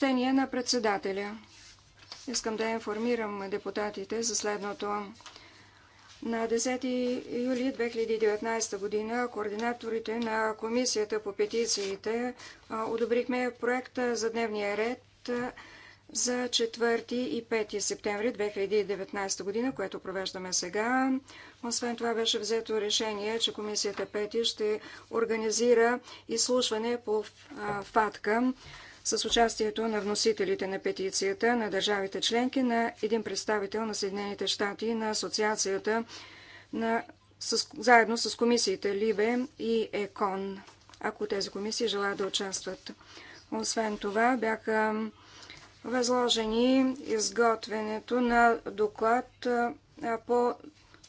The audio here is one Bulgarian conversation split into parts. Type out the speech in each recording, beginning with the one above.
Съобщение на председателя. Искам да информирам депутатите за следното. На 10 юли 2019 година координаторите на Комисията по петициите одобрихме проекта за дневния ред за 4 и 5 септември 2019 година, което провеждаме сега. Освен това беше взето решение, че Комисията Пети ще организира изслушване по ФАТКА с участието на вносителите на петицията, на държавите членки, на един представител на Съединените щати и на Асоциацията на, с, заедно с комисиите Либе и ЕКОН, ако тези комисии желаят да участват. Освен това бяха възложени изготвянето на доклад по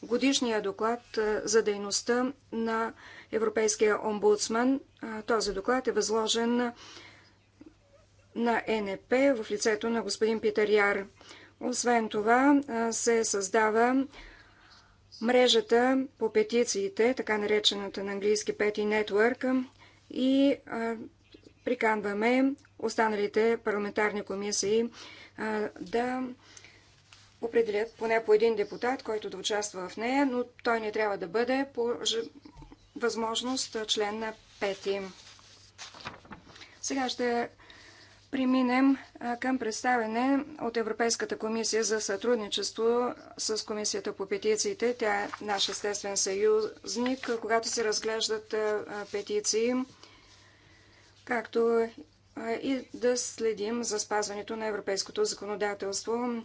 годишния доклад за дейността на Европейския омбудсман. Този доклад е възложен на ЕНП в лицето на господин Питър Яр. Освен това се създава мрежата по петициите, така наречената на английски Пети Нетворк и приканваме останалите парламентарни комисии да определят поне по един депутат, който да участва в нея, но той не трябва да бъде по възможност член на пети. Сега ще преминем към представене от Европейската комисия за сътрудничество с Комисията по петициите. Тя е наш естествен съюзник, когато се разглеждат петиции, както и да следим за спазването на европейското законодателство.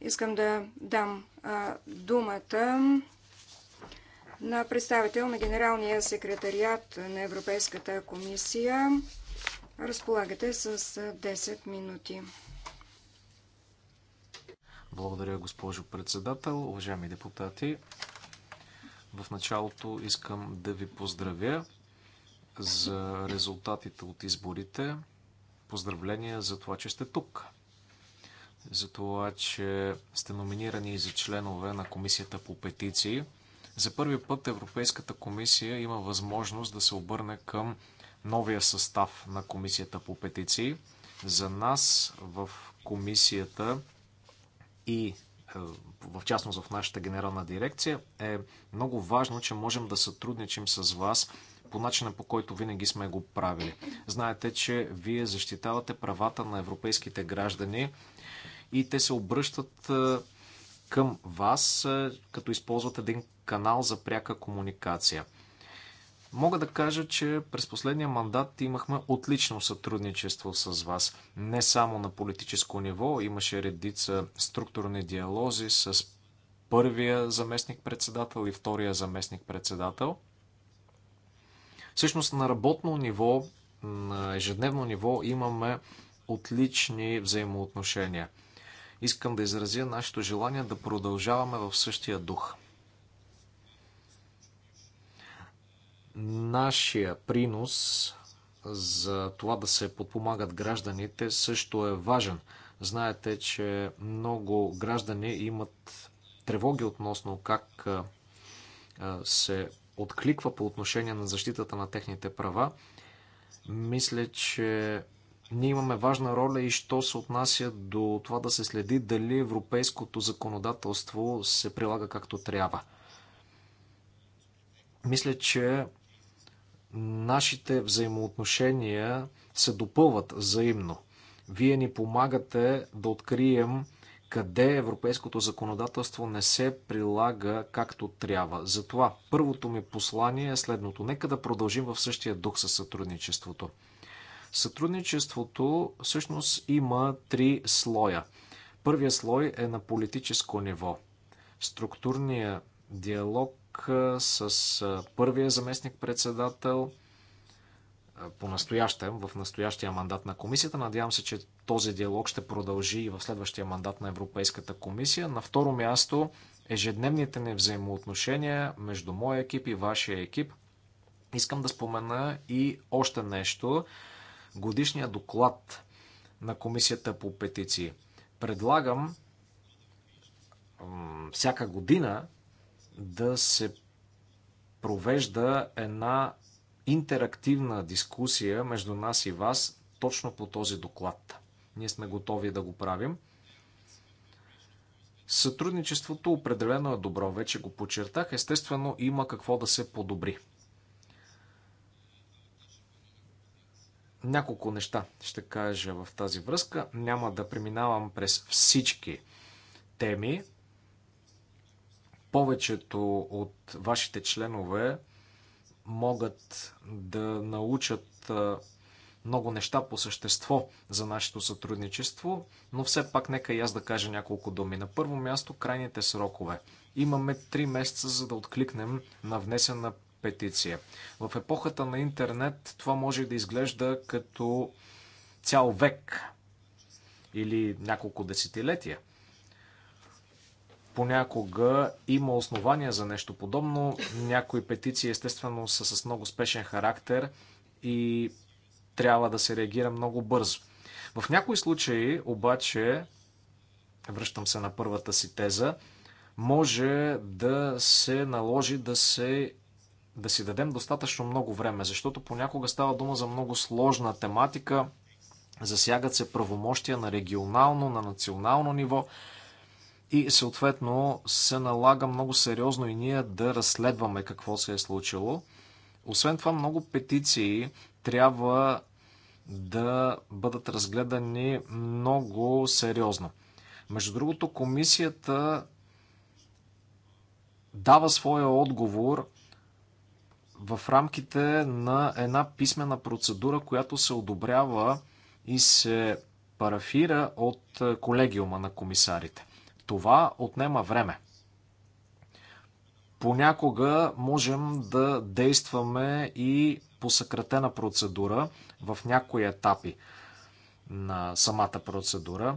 Искам да дам думата на представител на Генералния секретариат на Европейската комисия Разполагате с 10 минути. Благодаря, госпожо председател. Уважаеми депутати, в началото искам да ви поздравя за резултатите от изборите. Поздравления за това, че сте тук. За това, че сте номинирани за членове на Комисията по петиции. За първи път Европейската комисия има възможност да се обърне към новия състав на Комисията по петиции. За нас в Комисията и е, в частност в нашата генерална дирекция, е много важно, че можем да сътрудничим с вас по начина по който винаги сме го правили. Знаете, че вие защитавате правата на европейските граждани и те се обръщат е, към вас, е, като използват един канал за пряка комуникация. Мога да кажа, че през последния мандат имахме отлично сътрудничество с вас. Не само на политическо ниво, имаше редица структурни диалози с първия заместник-председател и втория заместник-председател. Всъщност на работно ниво, на ежедневно ниво имаме отлични взаимоотношения. Искам да изразя нашето желание да продължаваме в същия дух – Нашия принос за това да се подпомагат гражданите също е важен. Знаете, че много граждани имат тревоги относно как се откликва по отношение на защитата на техните права. Мисля, че ние имаме важна роля и що се отнася до това да се следи дали европейското законодателство се прилага както трябва. Мисля, че Нашите взаимоотношения се допълват взаимно. Вие ни помагате да открием къде европейското законодателство не се прилага както трябва. Затова първото ми послание е следното. Нека да продължим в същия дух със сътрудничеството. Сътрудничеството всъщност има три слоя. Първият слой е на политическо ниво. структурният диалог с първия заместник-председател по-настоящем, в настоящия мандат на комисията. Надявам се, че този диалог ще продължи и в следващия мандат на Европейската комисия. На второ място, ежедневните ни взаимоотношения между моя екип и вашия екип. Искам да спомена и още нещо. Годишния доклад на комисията по петиции. Предлагам всяка година да се провежда една интерактивна дискусия между нас и вас точно по този доклад. Ние сме готови да го правим. Сътрудничеството определено е добро, вече го подчертах. Естествено, има какво да се подобри. Няколко неща ще кажа в тази връзка. Няма да преминавам през всички теми, повечето от вашите членове могат да научат много неща по същество за нашето сътрудничество, но все пак нека и аз да кажа няколко думи. На първо място крайните срокове. Имаме 3 месеца за да откликнем на внесена петиция. В епохата на интернет това може да изглежда като цял век или няколко десетилетия – Понякога има основания за нещо подобно. Някои петиции, естествено, са с много спешен характер и трябва да се реагира много бързо. В някои случаи, обаче, връщам се на първата си теза, може да се наложи да се да си дадем достатъчно много време, защото понякога става дума за много сложна тематика, засягат се правомощия на регионално, на национално ниво и съответно се налага много сериозно и ние да разследваме какво се е случило. Освен това, много петиции трябва да бъдат разгледани много сериозно. Между другото, комисията дава своя отговор в рамките на една писмена процедура, която се одобрява и се парафира от колегиума на комисарите. Това отнема време. Понякога можем да действаме и по съкратена процедура в някои етапи на самата процедура.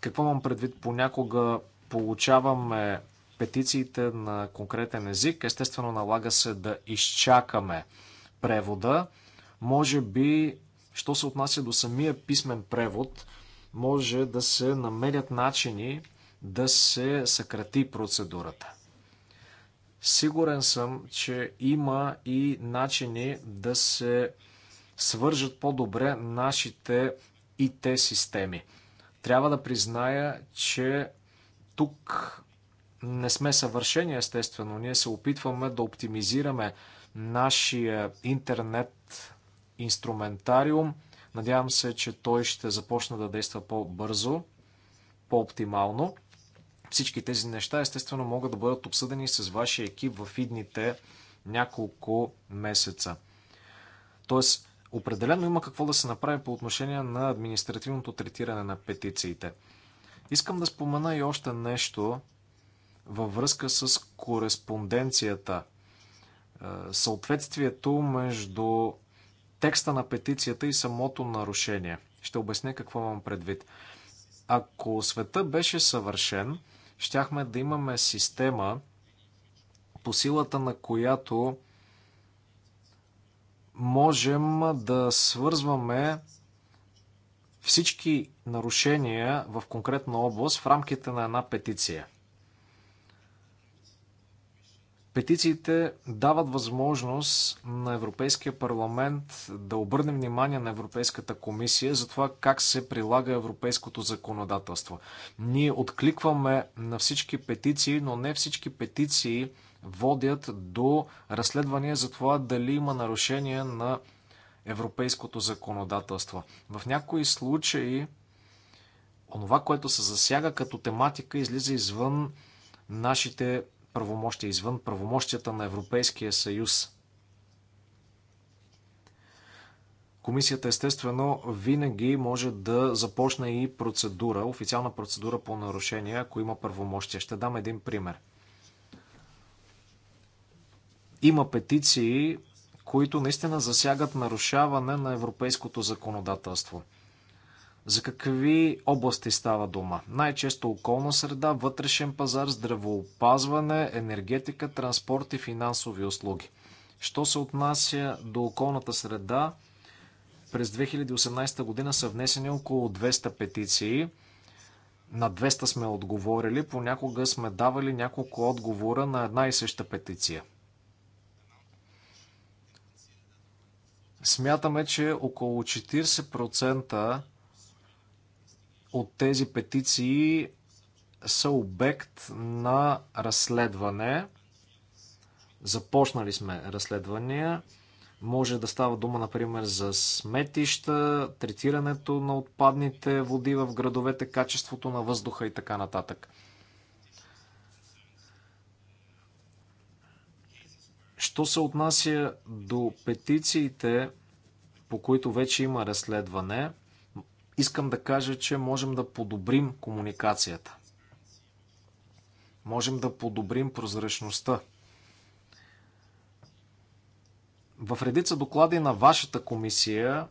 Какво имам предвид? Понякога получаваме петициите на конкретен език. Естествено, налага се да изчакаме превода. Може би, що се отнася до самия писмен превод, може да се намерят начини да се съкрати процедурата. Сигурен съм, че има и начини да се свържат по-добре нашите ИТ системи. Трябва да призная, че тук не сме съвършени, естествено. Ние се опитваме да оптимизираме нашия интернет инструментариум. Надявам се, че той ще започне да действа по-бързо, по-оптимално. Всички тези неща естествено могат да бъдат обсъдени с вашия екип в идните няколко месеца. Тоест, определено има какво да се направи по отношение на административното третиране на петициите. Искам да спомена и още нещо във връзка с кореспонденцията, е, съответствието между текста на петицията и самото нарушение. Ще обясня какво имам предвид. Ако света беше съвършен, щяхме да имаме система, по силата на която можем да свързваме всички нарушения в конкретна област в рамките на една петиция – Петициите дават възможност на Европейския парламент да обърне внимание на Европейската комисия за това как се прилага европейското законодателство. Ние откликваме на всички петиции, но не всички петиции водят до разследвания за това дали има нарушение на европейското законодателство. В някои случаи онова, което се засяга като тематика, излиза извън нашите правомощия, извън правомощията на Европейския съюз. Комисията естествено винаги може да започне и процедура, официална процедура по нарушение, ако има правомощия. Ще дам един пример. Има петиции, които наистина засягат нарушаване на европейското законодателство – за какви области става дума? Най-често околна среда, вътрешен пазар, здравоопазване, енергетика, транспорт и финансови услуги. Що се отнася до околната среда, през 2018 година са внесени около 200 петиции. На 200 сме отговорили, понякога сме давали няколко отговора на една и съща петиция. Смятаме, че около 40% от тези петиции са обект на разследване. Започнали сме разследвания. Може да става дума, например, за сметища, третирането на отпадните води в градовете, качеството на въздуха и така нататък. Що се отнася до петициите, по които вече има разследване – искам да кажа, че можем да подобрим комуникацията. Можем да подобрим прозрачността. В редица доклади на вашата комисия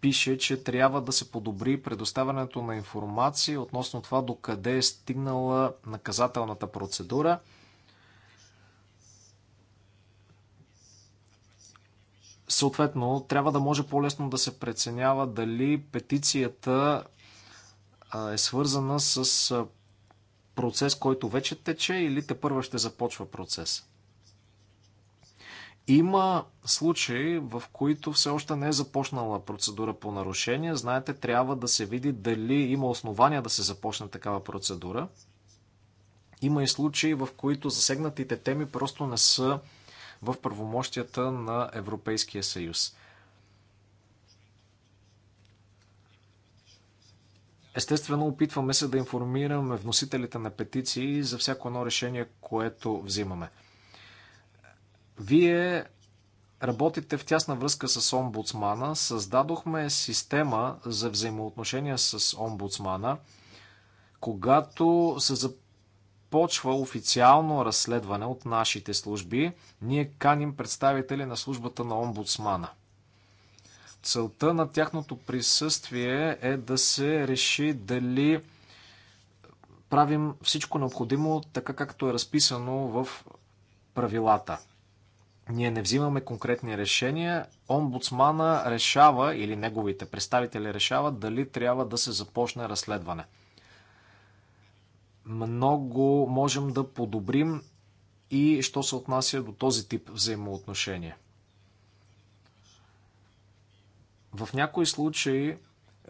пише, че трябва да се подобри предоставянето на информация относно това докъде е стигнала наказателната процедура – Съответно, трябва да може по-лесно да се преценява дали петицията е свързана с процес, който вече тече или те първа ще започва процес. Има случаи, в които все още не е започнала процедура по нарушение. Знаете, трябва да се види дали има основания да се започне такава процедура. Има и случаи, в които засегнатите теми просто не са в правомощията на Европейския съюз. Естествено, опитваме се да информираме вносителите на петиции за всяко едно решение, което взимаме. Вие работите в тясна връзка с омбудсмана. Създадохме система за взаимоотношения с омбудсмана. Когато се запише започва официално разследване от нашите служби. Ние каним представители на службата на омбудсмана. Целта на тяхното присъствие е да се реши дали правим всичко необходимо, така както е разписано в правилата. Ние не взимаме конкретни решения. Омбудсмана решава или неговите представители решават дали трябва да се започне разследване много можем да подобрим и що се отнася до този тип взаимоотношения. В някои случаи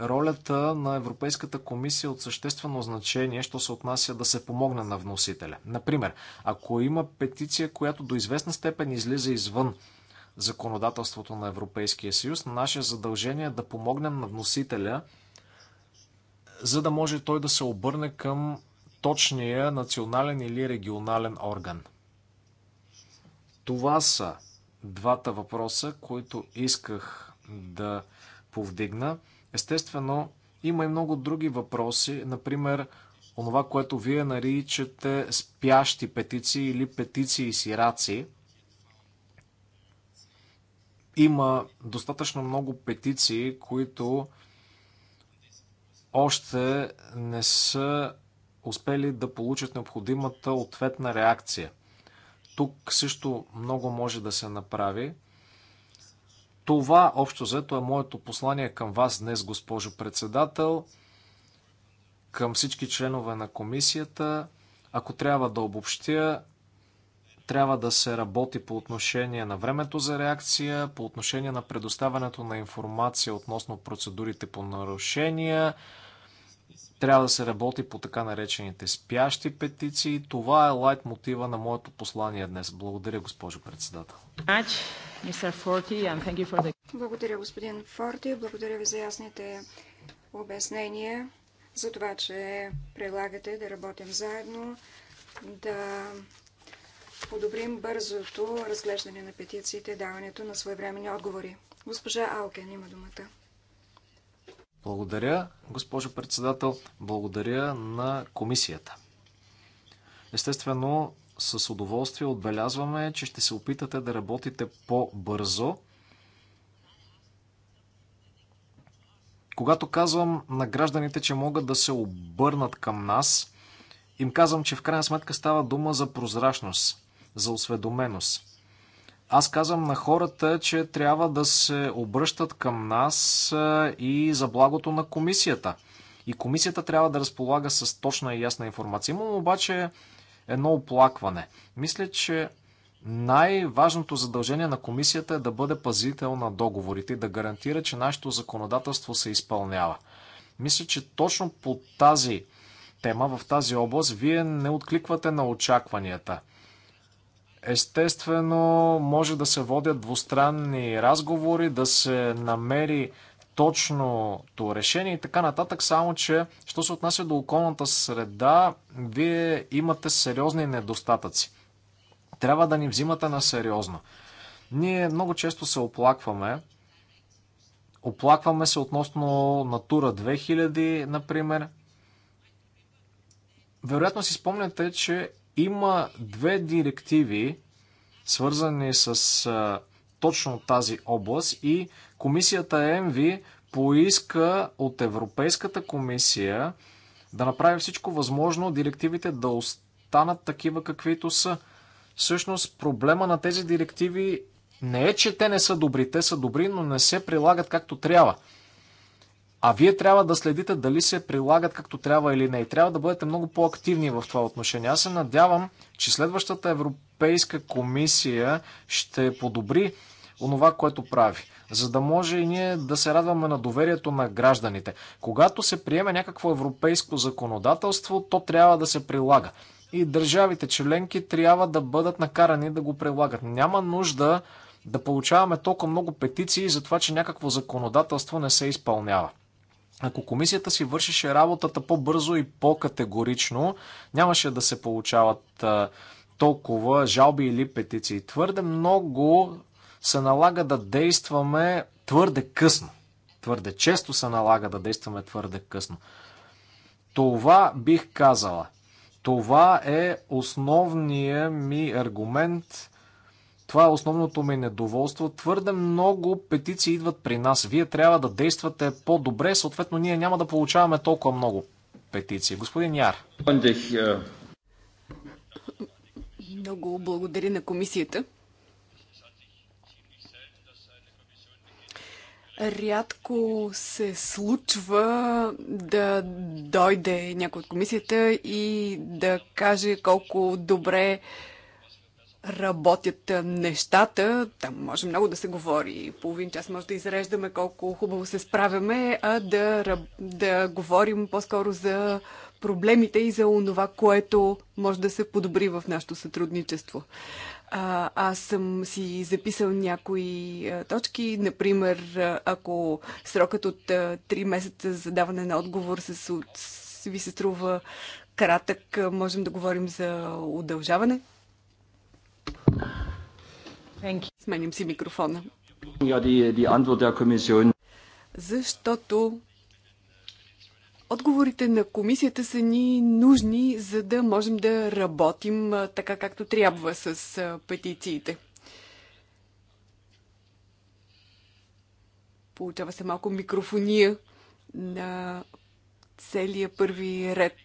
ролята на Европейската комисия е от съществено значение, що се отнася да се помогне на вносителя. Например, ако има петиция, която до известна степен излиза извън законодателството на Европейския съюз, наше задължение е да помогнем на вносителя, за да може той да се обърне към точния национален или регионален орган. Това са двата въпроса, които исках да повдигна. Естествено, има и много други въпроси, например, онова, което вие наричате спящи петиции или петиции сираци. Има достатъчно много петиции, които още не са успели да получат необходимата ответна реакция. Тук също много може да се направи. Това общо взето е моето послание към вас днес, госпожо председател, към всички членове на комисията. Ако трябва да обобщя, трябва да се работи по отношение на времето за реакция, по отношение на предоставянето на информация относно процедурите по нарушения, трябва да се работи по така наречените спящи петиции. Това е лайт мотива на моето послание днес. Благодаря, госпожо председател. Благодаря, господин Форти. Благодаря ви за ясните обяснения, за това, че предлагате да работим заедно, да подобрим бързото разглеждане на петициите, даването на своевременни отговори. Госпожа Алкен има думата. Благодаря, госпожо председател. Благодаря на комисията. Естествено, с удоволствие отбелязваме, че ще се опитате да работите по-бързо. Когато казвам на гражданите, че могат да се обърнат към нас, им казвам, че в крайна сметка става дума за прозрачност, за осведоменост. Аз казвам на хората, че трябва да се обръщат към нас и за благото на комисията. И комисията трябва да разполага с точна и ясна информация. Имам обаче едно оплакване. Мисля, че най-важното задължение на комисията е да бъде пазител на договорите и да гарантира, че нашето законодателство се изпълнява. Мисля, че точно по тази тема, в тази област, вие не откликвате на очакванията – Естествено, може да се водят двустранни разговори, да се намери точното решение и така нататък, само че, що се отнася до околната среда, вие имате сериозни недостатъци. Трябва да ни взимате на сериозно. Ние много често се оплакваме. Оплакваме се относно Натура 2000, например. Вероятно си спомняте, че има две директиви, свързани с точно тази област и комисията ЕМВИ поиска от Европейската комисия да направи всичко възможно директивите да останат такива каквито са. Всъщност проблема на тези директиви не е, че те не са добри. Те са добри, но не се прилагат както трябва. А вие трябва да следите дали се прилагат както трябва или не. И трябва да бъдете много по-активни в това отношение. Аз се надявам, че следващата Европейска комисия ще подобри онова, което прави, за да може и ние да се радваме на доверието на гражданите. Когато се приеме някакво европейско законодателство, то трябва да се прилага. И държавите членки трябва да бъдат накарани да го прилагат. Няма нужда да получаваме толкова много петиции за това, че някакво законодателство не се изпълнява. Ако комисията си вършеше работата по-бързо и по-категорично, нямаше да се получават толкова жалби или петиции. Твърде много се налага да действаме твърде късно. Твърде често се налага да действаме твърде късно. Това бих казала. Това е основният ми аргумент това е основното ми недоволство. Твърде много петиции идват при нас. Вие трябва да действате по-добре, съответно ние няма да получаваме толкова много петиции. Господин Яр. Много благодаря на комисията. Рядко се случва да дойде някой от комисията и да каже колко добре работят нещата. Там може много да се говори. Половин час може да изреждаме колко хубаво се справяме, а да, да говорим по-скоро за проблемите и за онова, което може да се подобри в нашето сътрудничество. А, аз съм си записал някои а, точки. Например, ако срокът от а, 3 месеца за даване на отговор с, от, ви се струва кратък, можем да говорим за удължаване Сменим си микрофона. Защото отговорите на комисията са ни нужни, за да можем да работим така както трябва с петициите. Получава се малко микрофония на целия първи ред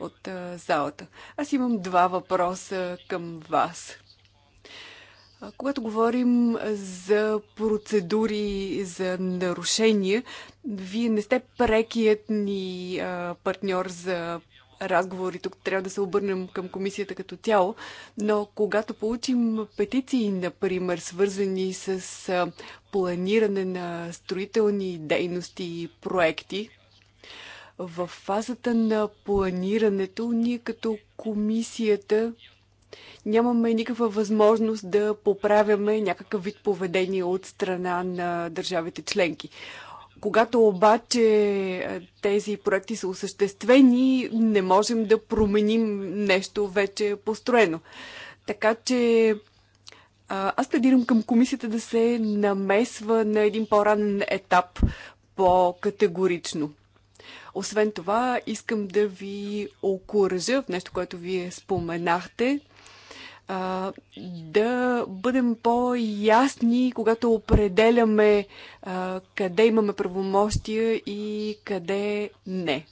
от залата. Аз имам два въпроса към вас. Когато говорим за процедури за нарушения, вие не сте прекият ни партньор за разговори. Тук трябва да се обърнем към комисията като цяло. Но когато получим петиции, например, свързани с планиране на строителни дейности и проекти, в фазата на планирането ние като комисията Нямаме никаква възможност да поправяме някакъв вид поведение от страна на държавите членки. Когато обаче е, тези проекти са осъществени, не можем да променим нещо вече построено. Така че аз пледирам към комисията да се намесва на един по-ранен етап по-категорично. Освен това, искам да ви окоръжа в нещо, което вие споменахте а, да бъдем по-ясни, когато определяме а, къде имаме правомощия и къде не.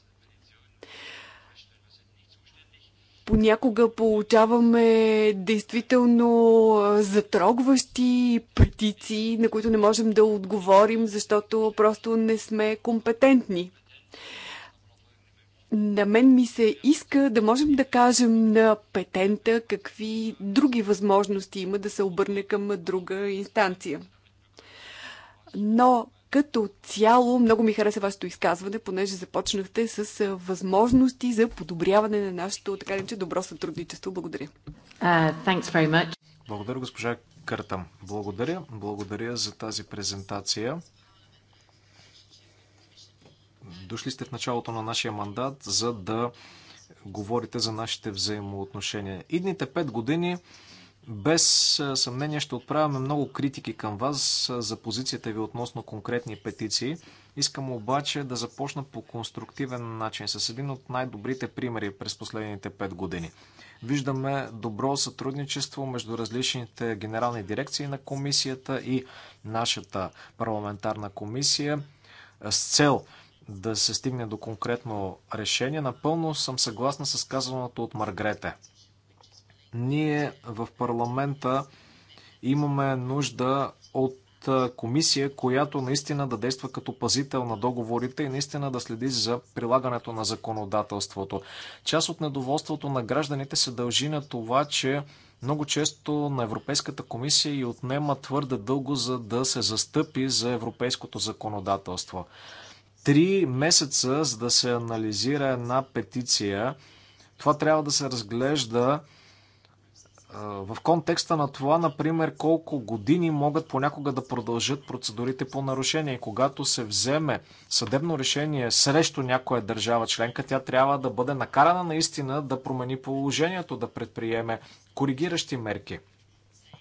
понякога получаваме действително затрогващи петиции, на които не можем да отговорим, защото просто не сме компетентни на мен ми се иска да можем да кажем на петента какви други възможности има да се обърне към друга инстанция. Но като цяло много ми хареса вашето изказване, понеже започнахте с възможности за подобряване на нашето така иначе добро сътрудничество. Благодаря. Uh, thanks very much. Благодаря, госпожа Къртам. Благодаря. Благодаря за тази презентация. Дошли сте в началото на нашия мандат, за да говорите за нашите взаимоотношения. Идните пет години без съмнение ще отправяме много критики към вас за позицията ви относно конкретни петиции. Искам обаче да започна по конструктивен начин, с един от най-добрите примери през последните пет години. Виждаме добро сътрудничество между различните генерални дирекции на комисията и нашата парламентарна комисия с цел да се стигне до конкретно решение. Напълно съм съгласна с казаното от Маргрете. Ние в парламента имаме нужда от комисия, която наистина да действа като пазител на договорите и наистина да следи за прилагането на законодателството. Част от недоволството на гражданите се дължи на това, че много често на Европейската комисия и отнема твърде дълго, за да се застъпи за европейското законодателство три месеца, за да се анализира една петиция, това трябва да се разглежда в контекста на това, например, колко години могат понякога да продължат процедурите по нарушение. Когато се вземе съдебно решение срещу някоя държава членка, тя трябва да бъде накарана наистина да промени положението, да предприеме коригиращи мерки.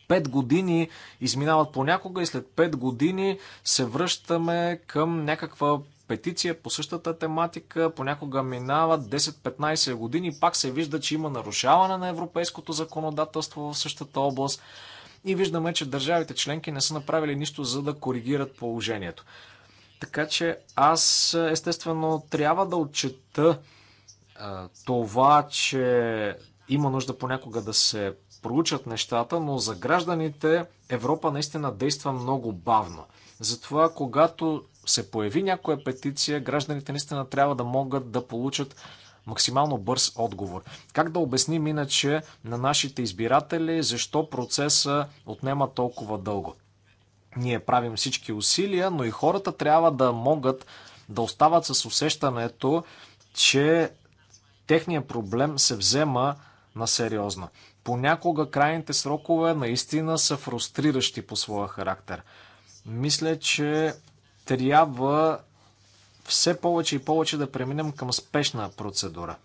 Пет години изминават понякога и след пет години се връщаме към някаква петиция по същата тематика, понякога минават 10-15 години пак се вижда, че има нарушаване на европейското законодателство в същата област и виждаме, че държавите членки не са направили нищо за да коригират положението. Така че аз естествено трябва да отчета това, че има нужда понякога да се проучат нещата, но за гражданите Европа наистина действа много бавно. Затова, когато се появи някоя петиция, гражданите наистина трябва да могат да получат максимално бърз отговор. Как да обясним иначе на нашите избиратели защо процеса отнема толкова дълго? Ние правим всички усилия, но и хората трябва да могат да остават с усещането, че техният проблем се взема на сериозно. Понякога крайните срокове наистина са фрустриращи по своя характер. Мисля, че трябва все повече и повече да преминем към спешна процедура.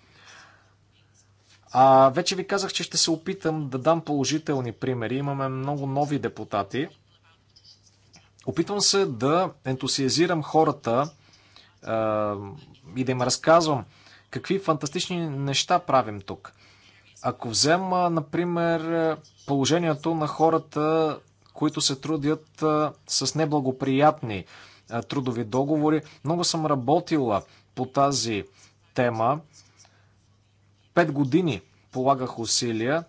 А, вече ви казах, че ще се опитам да дам положителни примери. Имаме много нови депутати. Опитвам се да ентусиазирам хората а, и да им разказвам какви фантастични неща правим тук. Ако взема, например, положението на хората, които се трудят с неблагоприятни трудови договори. Много съм работила по тази тема. Пет години полагах усилия.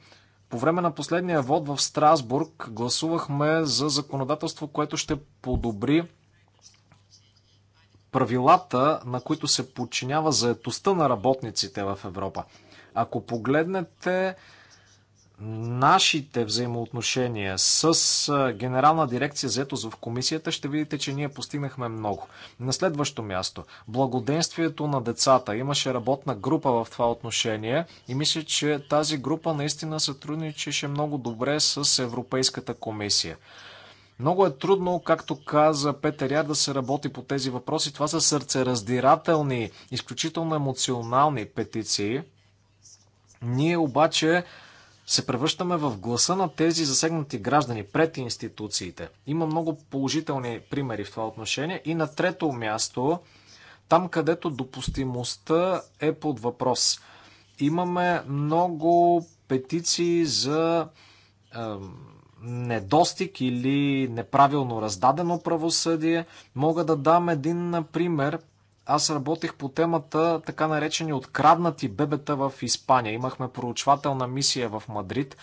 По време на последния вод в Страсбург гласувахме за законодателство, което ще подобри правилата, на които се подчинява заетостта на работниците в Европа. Ако погледнете нашите взаимоотношения с Генерална дирекция заетост в комисията, ще видите, че ние постигнахме много. На следващо място, благоденствието на децата. Имаше работна група в това отношение и мисля, че тази група наистина сътрудничеше много добре с Европейската комисия. Много е трудно, както каза Петър Яр, да се работи по тези въпроси. Това са сърцераздирателни, изключително емоционални петиции. Ние обаче се превръщаме в гласа на тези засегнати граждани пред институциите. Има много положителни примери в това отношение. И на трето място, там където допустимостта е под въпрос. Имаме много петиции за е, недостиг или неправилно раздадено правосъдие. Мога да дам един пример аз работих по темата така наречени откраднати бебета в Испания. Имахме проучвателна мисия в Мадрид.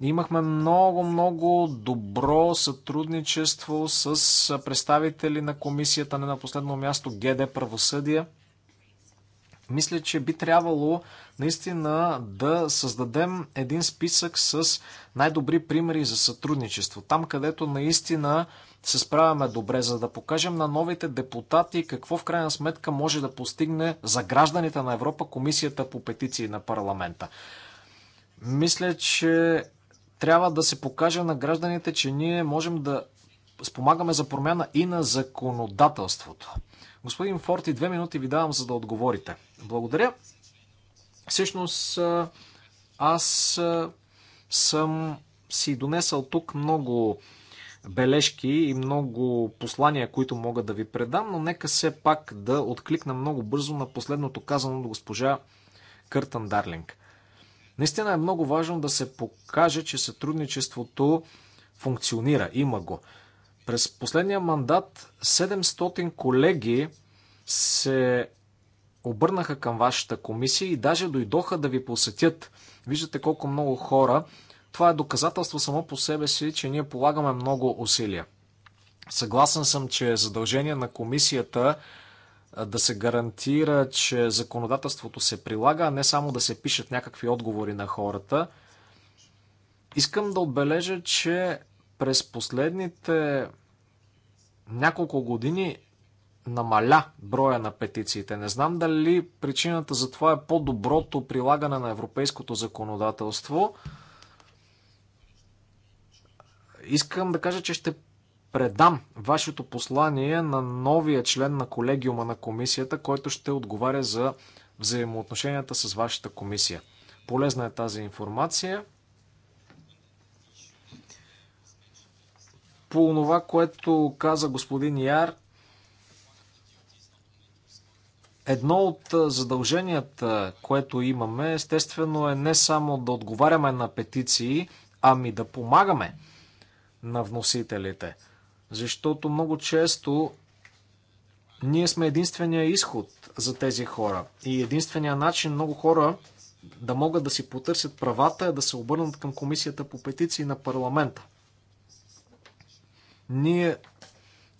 Имахме много, много добро сътрудничество с представители на комисията, не на последно място ГД Правосъдие – мисля, че би трябвало наистина да създадем един списък с най-добри примери за сътрудничество. Там, където наистина се справяме добре, за да покажем на новите депутати какво в крайна сметка може да постигне за гражданите на Европа Комисията по петиции на парламента. Мисля, че трябва да се покаже на гражданите, че ние можем да спомагаме за промяна и на законодателството. Господин Форти, две минути ви давам, за да отговорите. Благодаря. Всъщност, аз съм си донесъл тук много бележки и много послания, които мога да ви предам, но нека все пак да откликна много бързо на последното казано до госпожа Къртън Дарлинг. Наистина е много важно да се покаже, че сътрудничеството функционира, има го. През последния мандат 700 колеги се обърнаха към вашата комисия и даже дойдоха да ви посетят. Виждате колко много хора. Това е доказателство само по себе си, че ние полагаме много усилия. Съгласен съм, че е задължение на комисията да се гарантира, че законодателството се прилага, а не само да се пишат някакви отговори на хората. Искам да отбележа, че през последните няколко години намаля броя на петициите. Не знам дали причината за това е по-доброто прилагане на европейското законодателство. Искам да кажа, че ще предам вашето послание на новия член на колегиума на комисията, който ще отговаря за взаимоотношенията с вашата комисия. Полезна е тази информация. По това, което каза господин Яр, едно от задълженията, което имаме, естествено е не само да отговаряме на петиции, ами да помагаме на вносителите. Защото много често ние сме единствения изход за тези хора. И единствения начин много хора да могат да си потърсят правата е да се обърнат към комисията по петиции на парламента. Ние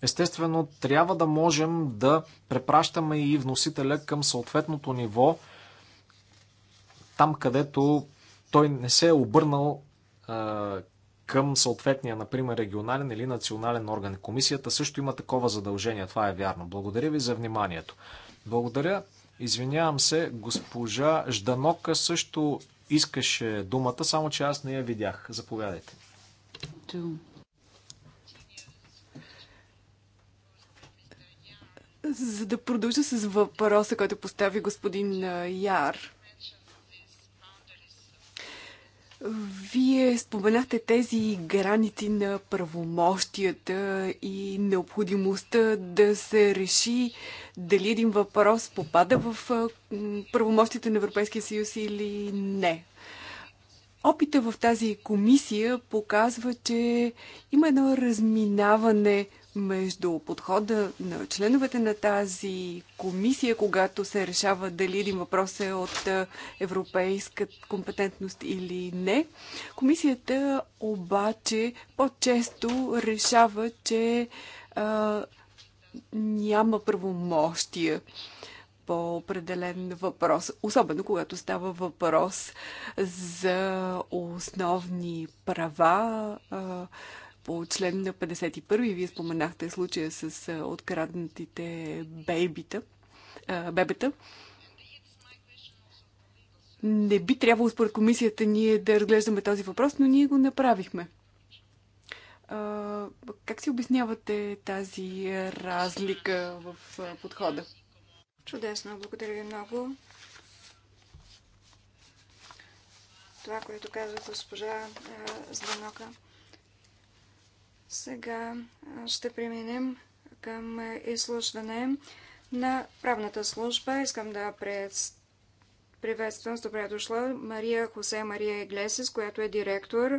естествено трябва да можем да препращаме и вносителя към съответното ниво, там където той не се е обърнал към съответния, например, регионален или национален орган. Комисията също има такова задължение, това е вярно. Благодаря ви за вниманието. Благодаря. Извинявам се, госпожа Жданока също искаше думата, само че аз не я видях. Заповядайте. За да продължа с въпроса, който постави господин Яр. Вие споменахте тези граници на правомощията и необходимостта да се реши дали един въпрос попада в правомощите на Европейския съюз или не. Опита в тази комисия показва, че има едно разминаване – между подхода на членовете на тази комисия, когато се решава дали един въпрос е от европейска компетентност или не. Комисията обаче по-често решава, че а, няма правомощия по определен въпрос, особено когато става въпрос за основни права. А, по член на 51 вие споменахте случая с откраднатите бейбита, бебета. Не би трябвало според комисията ние да разглеждаме този въпрос, но ние го направихме. Как си обяснявате тази разлика в подхода? Чудесно, благодаря ви много. Това, което казва госпожа Звънока. Сега ще преминем към изслушване на правната служба. Искам да Приветствам с добре дошла Мария Хосе Мария Иглесис, която е директор.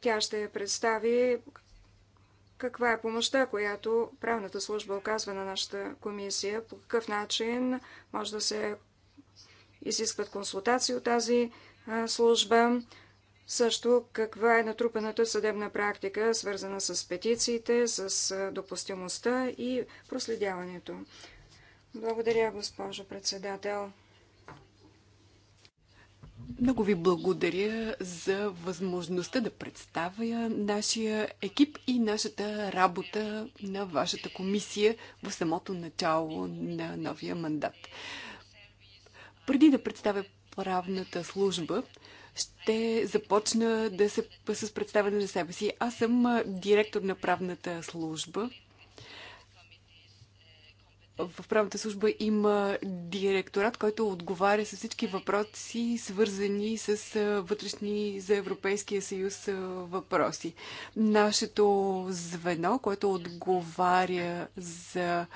Тя ще представи каква е помощта, която правната служба оказва на нашата комисия, по какъв начин може да се изискват консултации от тази служба, също каква е натрупаната съдебна практика, свързана с петициите, с допустимостта и проследяването. Благодаря, госпожо председател. Много ви благодаря за възможността да представя нашия екип и нашата работа на вашата комисия в самото начало на новия мандат. Преди да представя правната служба, ще започна да се с представяне на себе си. Аз съм директор на правната служба. В правната служба има директорат, който отговаря с всички въпроси, свързани с вътрешни за Европейския съюз въпроси. Нашето звено, което отговаря за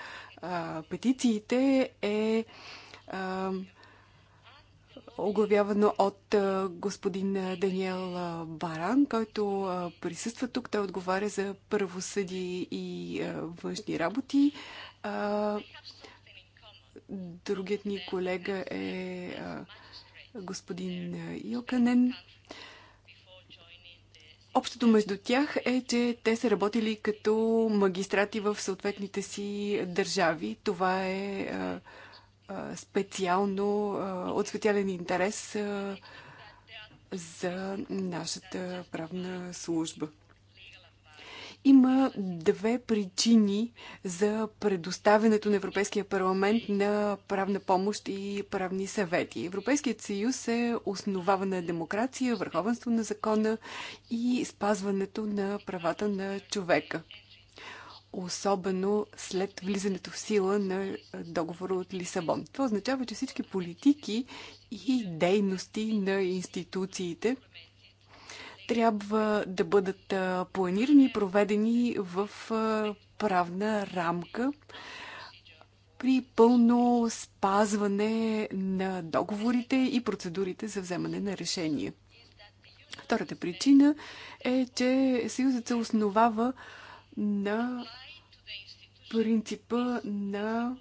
а, петициите, е а, оглавявано от господин Даниел Баран, който присъства тук. Той отговаря за правосъдие и външни работи. Другият ни колега е господин Йоканен. Общото между тях е, че те са работили като магистрати в съответните си държави. Това е специално от специален интерес за нашата правна служба. Има две причини за предоставянето на Европейския парламент на правна помощ и правни съвети. Европейският съюз се основава на демокрация, върховенство на закона и спазването на правата на човека особено след влизането в сила на е, договора от Лисабон. Това означава, че всички политики и дейности на институциите трябва да бъдат е, планирани и проведени в е, правна рамка при пълно спазване на договорите и процедурите за вземане на решение. Втората причина е, че Съюзът се основава на принципа на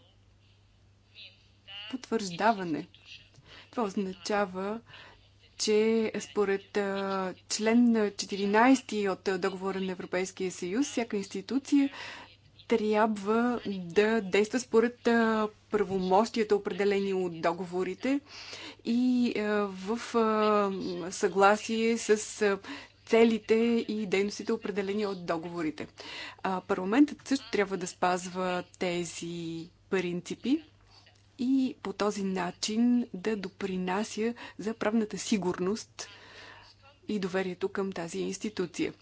потвърждаване. Това означава, че според член 14 от договора на Европейския съюз, всяка институция трябва да действа според правомощията, определени от договорите и в съгласие с целите и дейностите, определени от договорите. А, парламентът също трябва да спазва тези принципи и по този начин да допринася за правната сигурност и доверието към тази институция.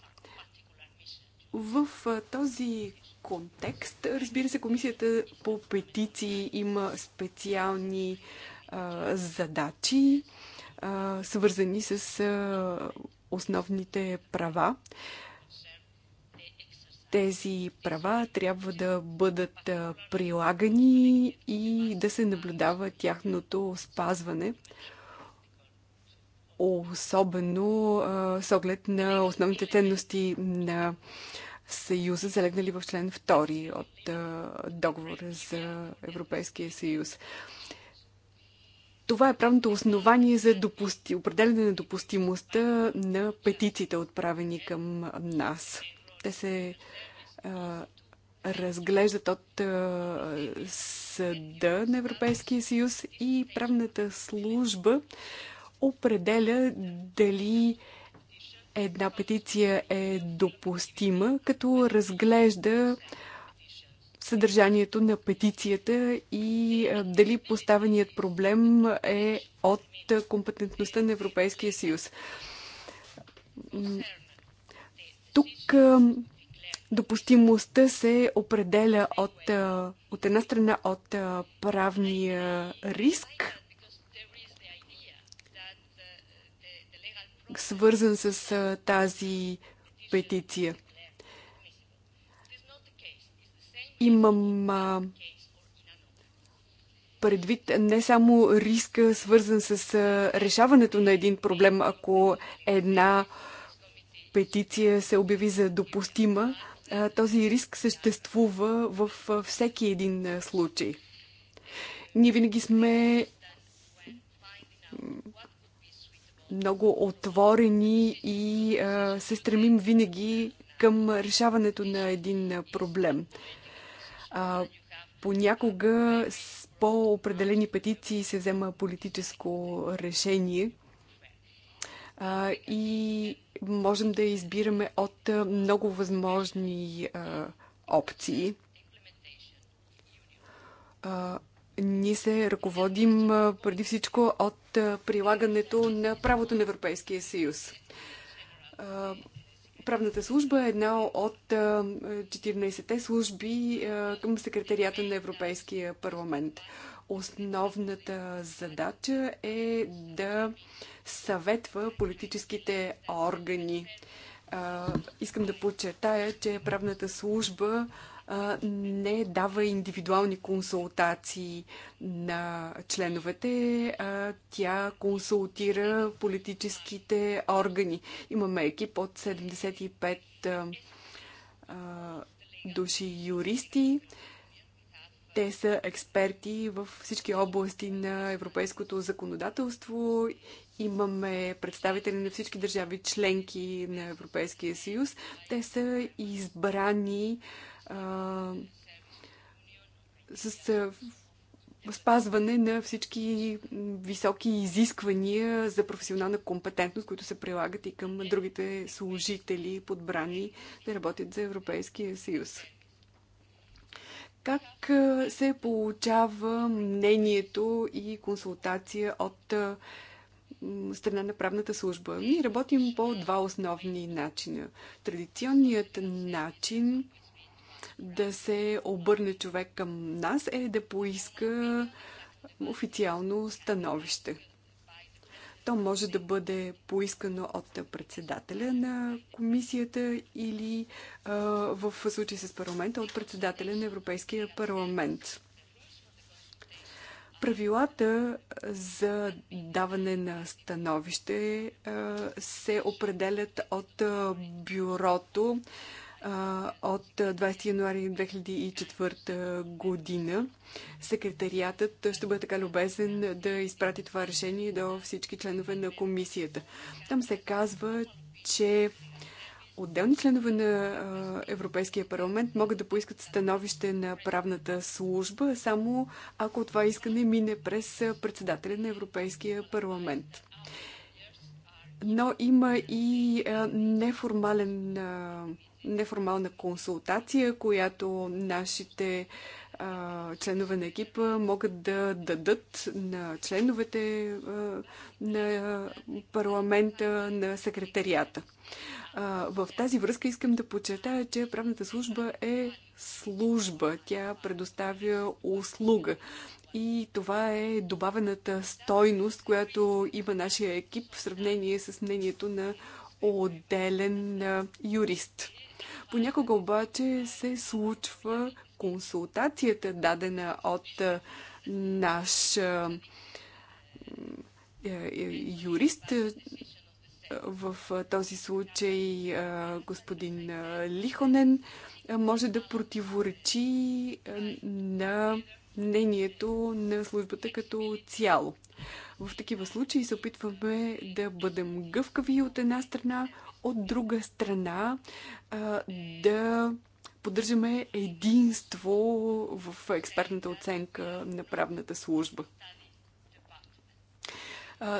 В този контекст, разбира се, комисията по петиции има специални а, задачи, а, свързани с а, основните права. Тези права трябва да бъдат прилагани и да се наблюдава тяхното спазване особено с оглед на основните ценности на Съюза, залегнали в член 2 от договора за Европейския съюз. Това е правното основание за допусти, определене на допустимостта на петициите, отправени към нас. Те се а, разглеждат от а, Съда на Европейския съюз и правната служба определя дали една петиция е допустима, като разглежда а, съдържанието на петицията и е, дали поставеният проблем е от компетентността на Европейския съюз. Тук е, допустимостта се определя от, е, от една страна от правния риск, свързан с тази петиция. Имам а, предвид не само риска, свързан с а, решаването на един проблем, ако една петиция се обяви за допустима, а, този риск съществува в а, всеки един а, случай. Ние винаги сме много отворени и а, се стремим винаги към решаването на един проблем. А, понякога по определени петиции се взема политическо решение а, и можем да избираме от много възможни а, опции. А, ние се ръководим преди всичко от прилагането на правото на Европейския съюз. Правната служба е една от 14-те служби към секретарията на Европейския парламент. Основната задача е да съветва политическите органи. Искам да подчертая, че правната служба не дава индивидуални консултации на членовете, а тя консултира политическите органи. Имаме екип от 75 души юристи. Те са експерти в всички области на европейското законодателство. Имаме представители на всички държави членки на Европейския съюз. Те са избрани с спазване на всички високи изисквания за професионална компетентност, които се прилагат и към другите служители, подбрани да работят за Европейския съюз. Как се получава мнението и консултация от страна на правната служба? Ние работим по два основни начина. Традиционният начин – да се обърне човек към нас е да поиска официално становище. То може да бъде поискано от председателя на комисията или в случай с парламента от председателя на Европейския парламент. Правилата за даване на становище се определят от бюрото от 20 януари 2004 година. Секретариатът ще бъде така любезен да изпрати това решение до всички членове на комисията. Там се казва, че отделни членове на Европейския парламент могат да поискат становище на правната служба, само ако това искане мине през председателя на Европейския парламент. Но има и неформален неформална консултация, която нашите а, членове на екипа могат да дадат на членовете а, на парламента, на секретарията. А, в тази връзка искам да подчертая, че правната служба е служба. Тя предоставя услуга. И това е добавената стойност, която има нашия екип в сравнение с мнението на отделен юрист. Понякога обаче се случва консултацията, дадена от наш е, юрист, в този случай господин Лихонен, може да противоречи на мнението на службата като цяло. В такива случаи се опитваме да бъдем гъвкави от една страна, от друга страна да поддържаме единство в експертната оценка на правната служба.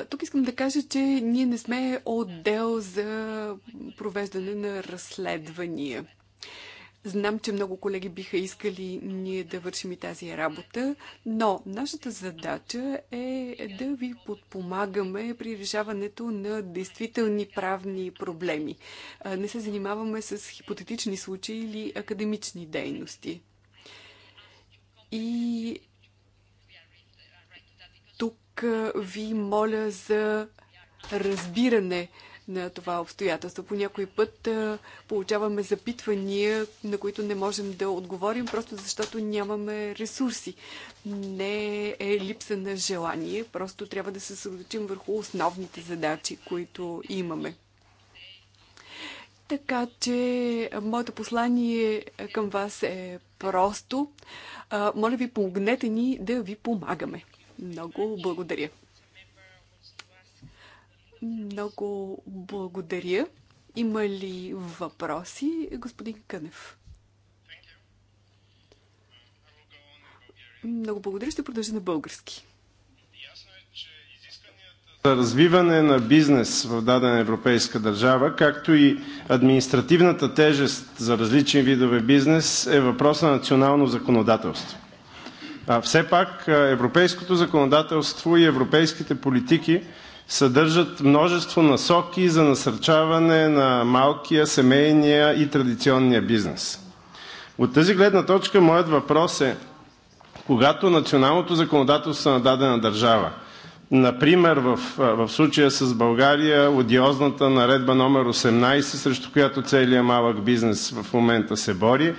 Тук искам да кажа, че ние не сме отдел за провеждане на разследвания. Знам, че много колеги биха искали ние да вършим и тази работа, но нашата задача е да ви подпомагаме при решаването на действителни правни проблеми. Не се занимаваме с хипотетични случаи или академични дейности. И тук ви моля за разбиране на това обстоятелство. По някой път получаваме запитвания, на които не можем да отговорим, просто защото нямаме ресурси. Не е липса на желание, просто трябва да се съсредоточим върху основните задачи, които имаме. Така че моето послание към вас е просто. Моля ви, помогнете ни да ви помагаме. Много благодаря. Много благодаря. Има ли въпроси, господин Кънев? Много благодаря. Ще продължа на български. За развиване на бизнес в дадена европейска държава, както и административната тежест за различни видове бизнес е въпрос на национално законодателство. все пак европейското законодателство и европейските политики – съдържат множество насоки за насърчаване на малкия, семейния и традиционния бизнес. От тази гледна точка моят въпрос е: когато националното законодателство на дадена държава, например в случая с България одиозната Наредба номер 18, срещу която целият малък бизнес в момента се бори,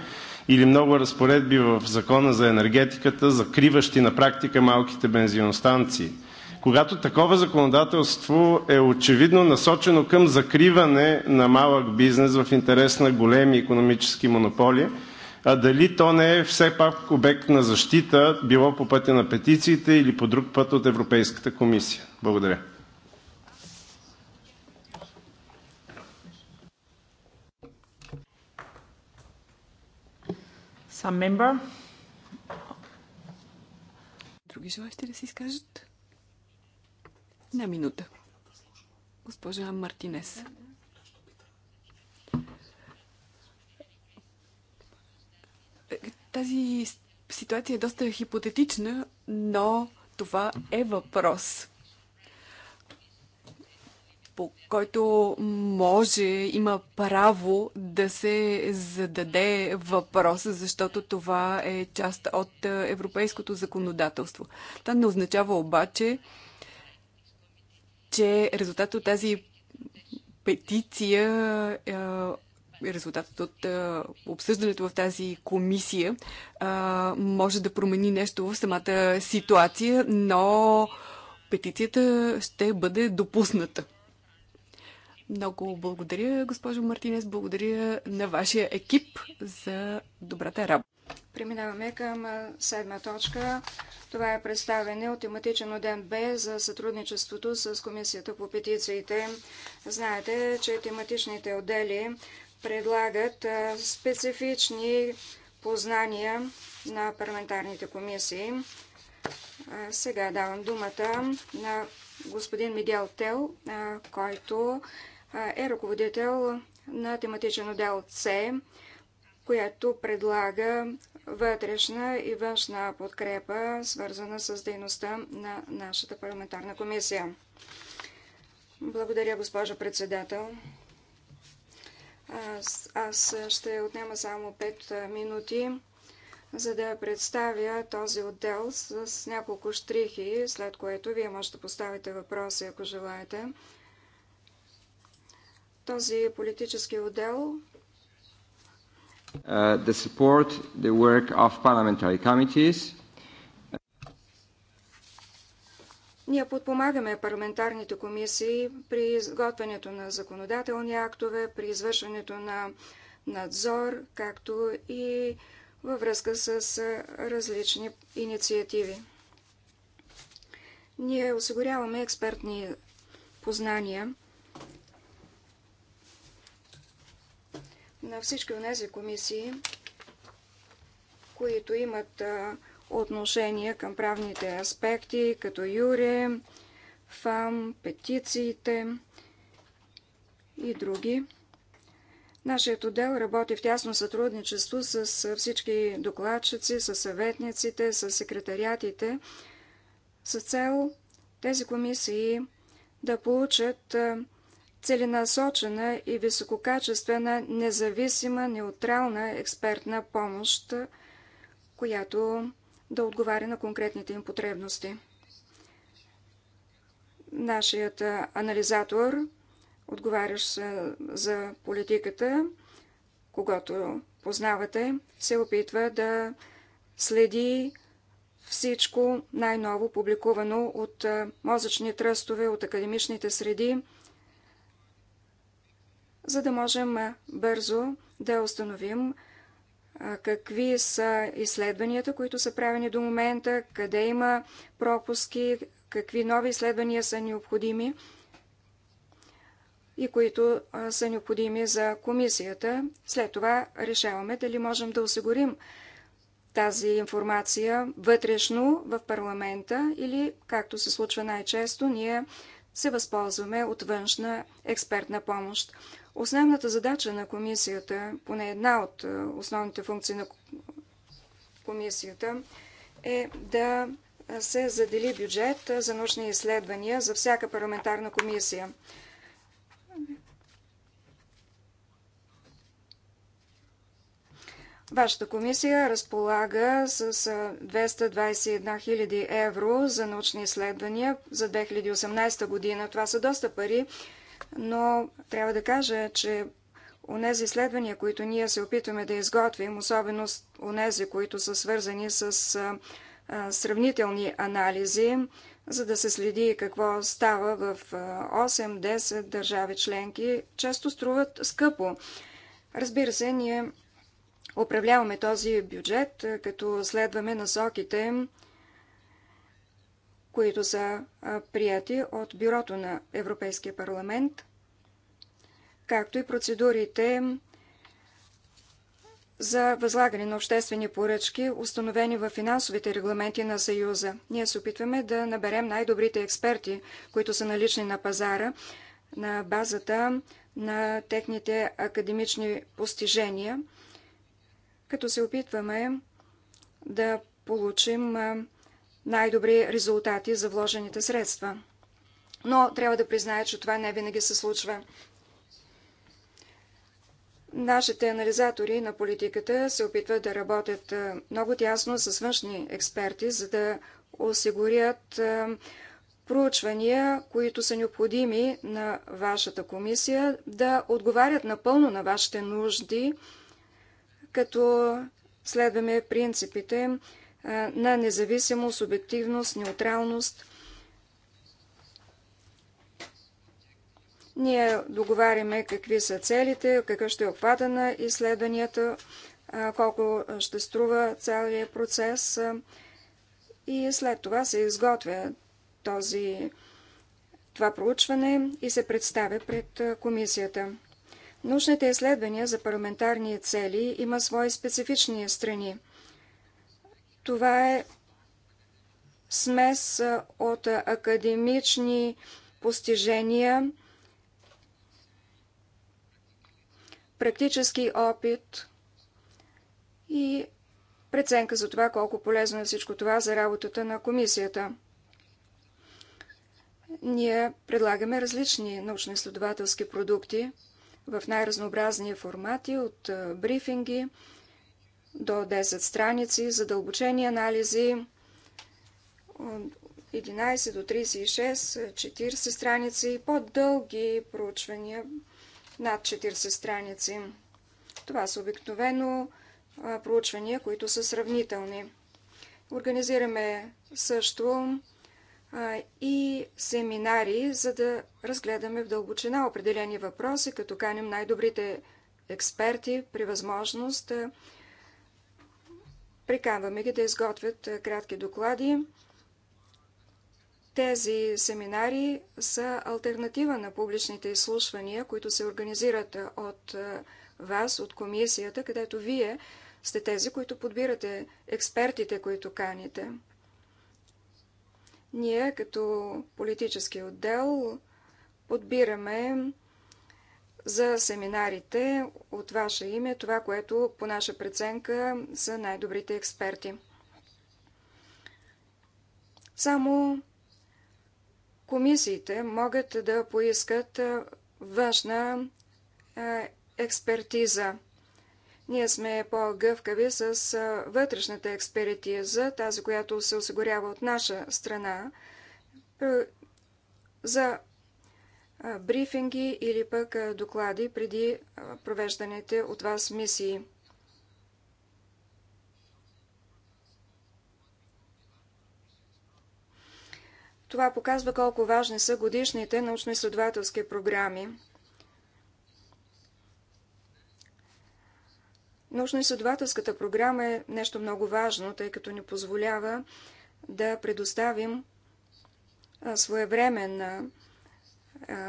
или много разпоредби в Закона за енергетиката, закриващи на практика малките бензиностанции, когато такова законодателство е очевидно насочено към закриване на малък бизнес в интерес на големи економически монополи, а дали то не е все пак обект на защита било по пътя на петициите или по друг път от Европейската комисия? Благодаря. Сам мембър. Други желащи да се изкажат? Една минута. Госпожа Мартинес. Тази ситуация е доста хипотетична, но това е въпрос, по който може, има право да се зададе въпрос, защото това е част от европейското законодателство. Това не означава обаче, че резултатът от тази петиция, резултатът от обсъждането в тази комисия може да промени нещо в самата ситуация, но петицията ще бъде допусната. Много благодаря, госпожо Мартинес. Благодаря на вашия екип за добрата работа. Преминаваме към седма точка. Това е представене от тематичен ден Б за сътрудничеството с Комисията по петициите. Знаете, че тематичните отдели предлагат специфични познания на парламентарните комисии. Сега давам думата на господин Мигел Тел, който е ръководител на тематичен отдел С която предлага вътрешна и външна подкрепа, свързана с дейността на нашата парламентарна комисия. Благодаря, госпожа председател. Аз, аз ще отнема само 5 минути, за да представя този отдел с, с няколко штрихи, след което вие можете да поставите въпроси, ако желаете. Този политически отдел uh, the support the work of parliamentary committees. Ние подпомагаме парламентарните комисии при изготвянето на законодателни актове, при извършването на надзор, както и във връзка с различни инициативи. Ние осигуряваме експертни познания – на всички от тези комисии, които имат отношение към правните аспекти, като Юре, ФАМ, петициите и други. Нашият отдел работи в тясно сътрудничество с всички докладчици, с съветниците, с секретариатите, с цел тези комисии да получат целенасочена и висококачествена, независима, неутрална експертна помощ, която да отговаря на конкретните им потребности. Нашият анализатор, отговарящ за политиката, когато познавате, се опитва да следи всичко най-ново публикувано от мозъчни тръстове, от академичните среди, за да можем бързо да установим какви са изследванията, които са правени до момента, къде има пропуски, какви нови изследвания са необходими и които са необходими за комисията. След това решаваме дали можем да осигурим тази информация вътрешно в парламента или, както се случва най-често, ние се възползваме от външна експертна помощ. Основната задача на комисията, поне една от е, основните функции на комисията, е да се задели бюджет за научни изследвания за всяка парламентарна комисия. Вашата комисия разполага с 221 000 евро за научни изследвания за 2018 година. Това са доста пари, но трябва да кажа, че онези изследвания, които ние се опитваме да изготвим, особено онези, които са свързани с сравнителни анализи, за да се следи какво става в 8-10 държави членки, често струват скъпо. Разбира се, ние управляваме този бюджет, е, като следваме насоките, които са прияти от Бюрото на Европейския парламент, както и процедурите за възлагане на обществени поръчки, установени в финансовите регламенти на Съюза. Ние се опитваме да наберем най-добрите експерти, които са налични на пазара, на базата на техните академични постижения – като се опитваме да получим най-добри резултати за вложените средства. Но трябва да призная, че това не винаги се случва. Нашите анализатори на политиката се опитват да работят много тясно с външни експерти, за да осигурят проучвания, които са необходими на вашата комисия, да отговарят напълно на вашите нужди – като следваме принципите на независимост, обективност, неутралност. Ние договаряме какви са целите, какъв ще е обхвата на изследванията, колко ще струва целият процес и след това се изготвя този, това проучване и се представя пред комисията. Научните изследвания за парламентарни цели има свои специфични страни. Това е смес от академични постижения, практически опит и преценка за това колко полезно е всичко това за работата на комисията. Ние предлагаме различни научно-изследователски продукти – в най-разнообразни формати, от брифинги до 10 страници, задълбочени анализи, от 11 до 36, 40 страници и по-дълги проучвания над 40 страници. Това са обикновено проучвания, които са сравнителни. Организираме също и семинари, за да разгледаме в дълбочина определени въпроси, като каним най-добрите експерти при възможност. Приканваме ги да изготвят кратки доклади. Тези семинари са альтернатива на публичните изслушвания, които се организират от вас, от комисията, където вие сте тези, които подбирате експертите, които каните. Ние като политически отдел подбираме за семинарите от ваше име това, което по наша преценка са най-добрите експерти. Само комисиите могат да поискат външна експертиза. Ние сме по-гъвкави с вътрешната експертиза, тази, която се осигурява от наша страна, за брифинги или пък доклади преди провежданите от вас мисии. Това показва колко важни са годишните научно-изследователски програми. Научно-изследователската програма е нещо много важно, тъй като ни позволява да предоставим своевременна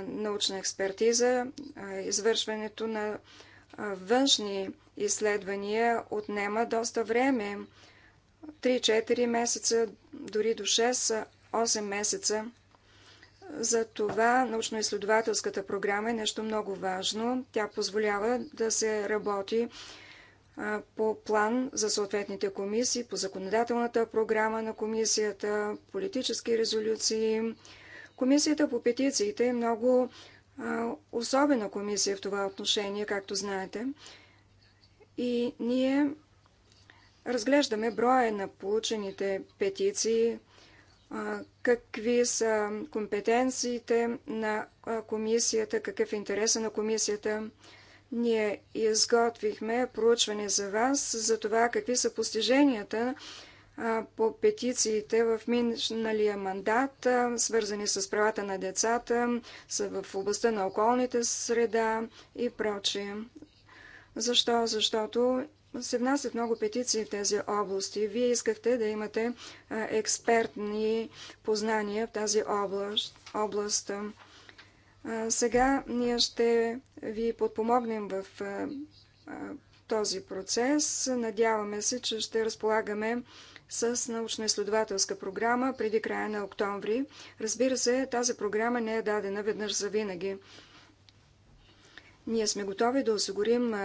научна експертиза, извършването на външни изследвания отнема доста време. 3-4 месеца, дори до 6-8 месеца. За това научно-изследователската програма е нещо много важно. Тя позволява да се работи по план за съответните комисии, по законодателната програма на комисията, политически резолюции. Комисията по петициите е много особена комисия в това отношение, както знаете. И ние разглеждаме броя на получените петиции, какви са компетенциите на комисията, какъв е интереса на комисията. Ние изготвихме проучване за вас за това какви са постиженията по петициите в миналия мандат, свързани с правата на децата, са в областта на околните среда и прочие. Защо? Защото се внасят много петиции в тези области. Вие искахте да имате експертни познания в тази област. област. Сега ние ще ви подпомогнем в този процес. Надяваме се, че ще разполагаме с научно-изследователска програма преди края на октомври. Разбира се, тази програма не е дадена веднъж за винаги. Ние сме готови да осигурим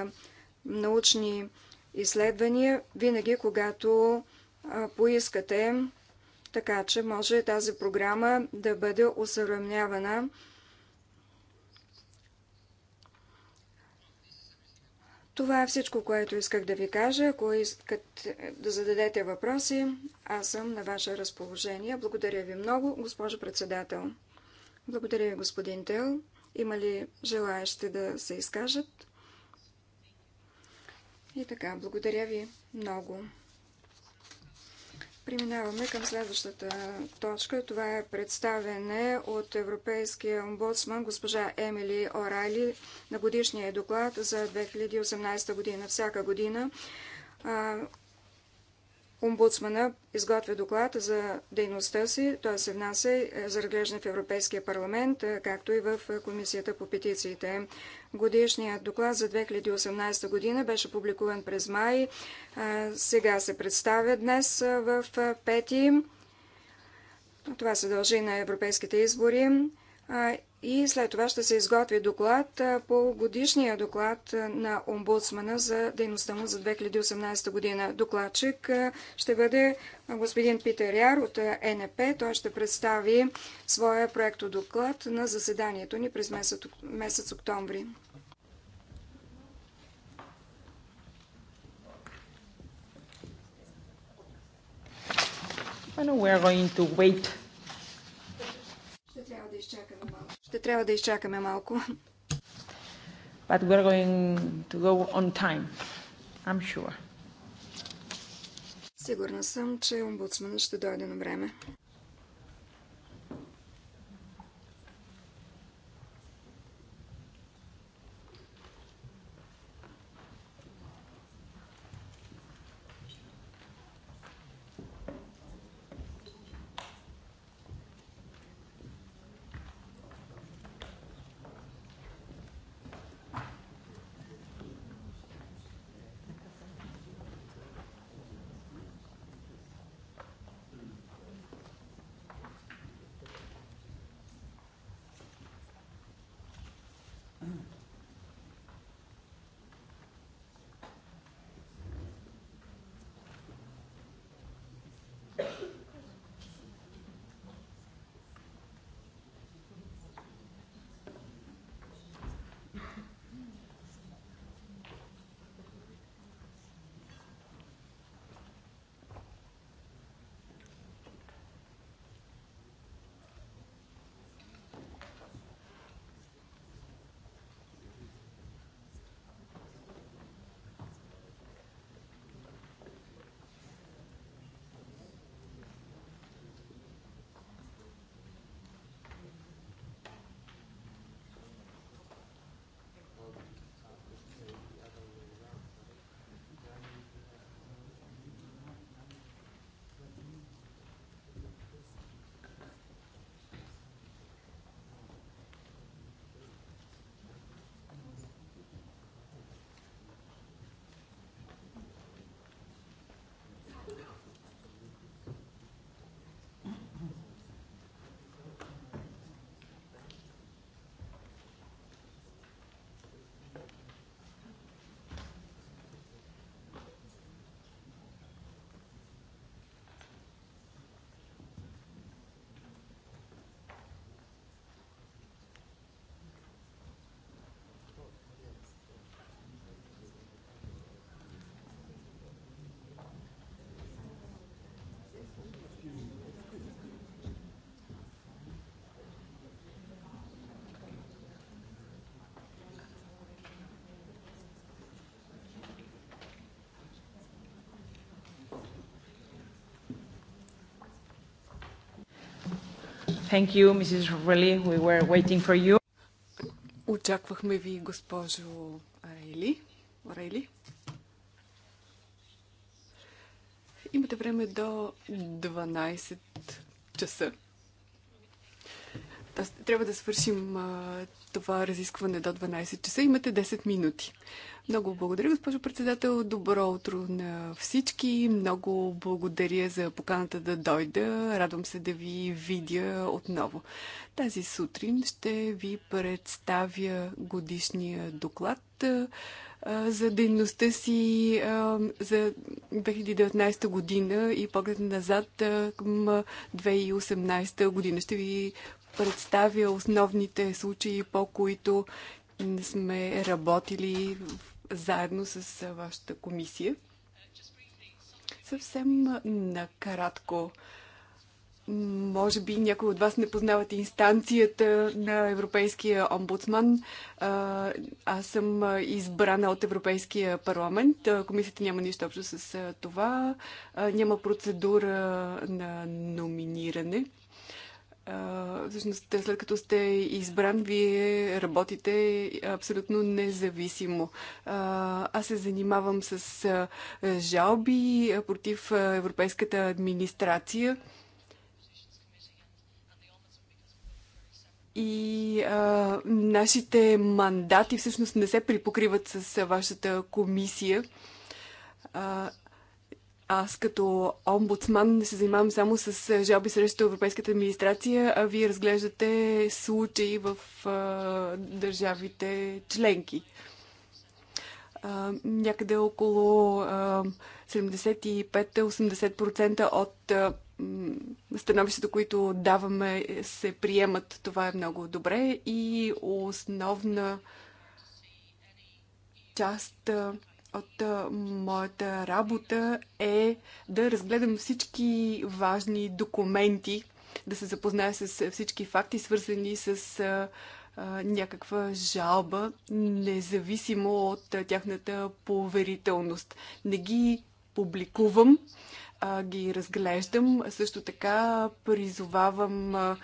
научни изследвания винаги, когато поискате, така че може тази програма да бъде осъвремнявана. Това е всичко, което исках да ви кажа. Ако искат е, да зададете въпроси, аз съм на ваше разположение. Благодаря ви много, госпожо председател. Благодаря ви, господин Тел. Има ли желаящи да се изкажат? И така, благодаря ви много. Преминаваме към следващата точка. Това е представене от Европейския омбудсман госпожа Емили Орали на годишния доклад за 2018 година. Всяка година Омбудсмана изготвя доклад за дейността си, той се внася е, за разглеждане в Европейския парламент, е, както и в е, Комисията по петициите. Годишният доклад за 2018 година беше публикуван през май. Сега се представя днес в пети. Това се дължи на европейските избори и след това ще се изготви доклад по годишния доклад на омбудсмана за дейността му за 2018 година. Докладчик ще бъде господин Питер Яр от НП. Е. Той ще представи своя проекто доклад на заседанието ни през месец, месец октомври. Well, we are going to wait. Ще трябва да изчакаме малко. Ще трябва да изчакаме малко. But we're going to go on time. I'm sure. Сигурна съм, че омбудсманът ще дойде на време. Thank you, Mrs. Really. We were waiting for you. Очаквахме ви, госпожо Рейли. Рейли. Имате време до 12 часа. трябва да свършим а, това разискване до 12 часа. Имате 10 минути. Много благодаря, госпожо председател. Добро утро на всички. Много благодаря за поканата да дойда. Радвам се да ви видя отново. Тази сутрин ще ви представя годишния доклад за дейността си за 2019 година и поглед назад към 2018 година. Ще ви представя основните случаи, по които сме работили заедно с вашата комисия. Съвсем накратко. Може би някои от вас не познават инстанцията на Европейския омбудсман. Аз съм избрана от Европейския парламент. Комисията няма нищо общо с това. Няма процедура на номиниране всъщност след като сте избран, вие работите абсолютно независимо. Аз се занимавам с жалби против Европейската администрация. И а, нашите мандати всъщност не се припокриват с вашата комисия. А, аз като омбудсман не се занимавам само с е, жалби срещу Европейската администрация, а вие разглеждате случаи в а, държавите членки. А, някъде около 75-80% от а, становищата, които даваме, се приемат. Това е много добре и основна част. А, от моята работа е да разгледам всички важни документи, да се запозная с всички факти, свързани с а, някаква жалба, независимо от тяхната поверителност. Не ги публикувам, а, ги разглеждам. Също така призовавам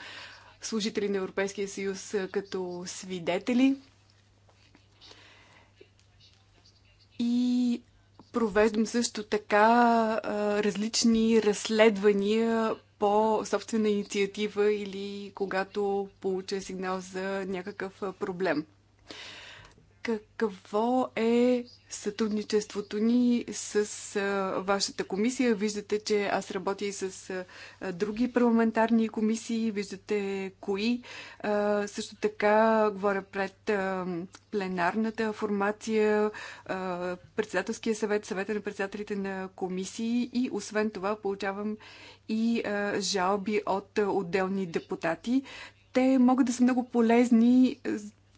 служители на Европейския съюз като свидетели И провеждам също така различни разследвания по собствена инициатива или когато получа сигнал за някакъв проблем. Какво е сътрудничеството ни с вашата комисия? Виждате, че аз работя и с други парламентарни комисии. Виждате кои. също така говоря пред пленарната формация, председателския съвет, съвета на председателите на комисии и освен това получавам и жалби от отделни депутати те могат да са много полезни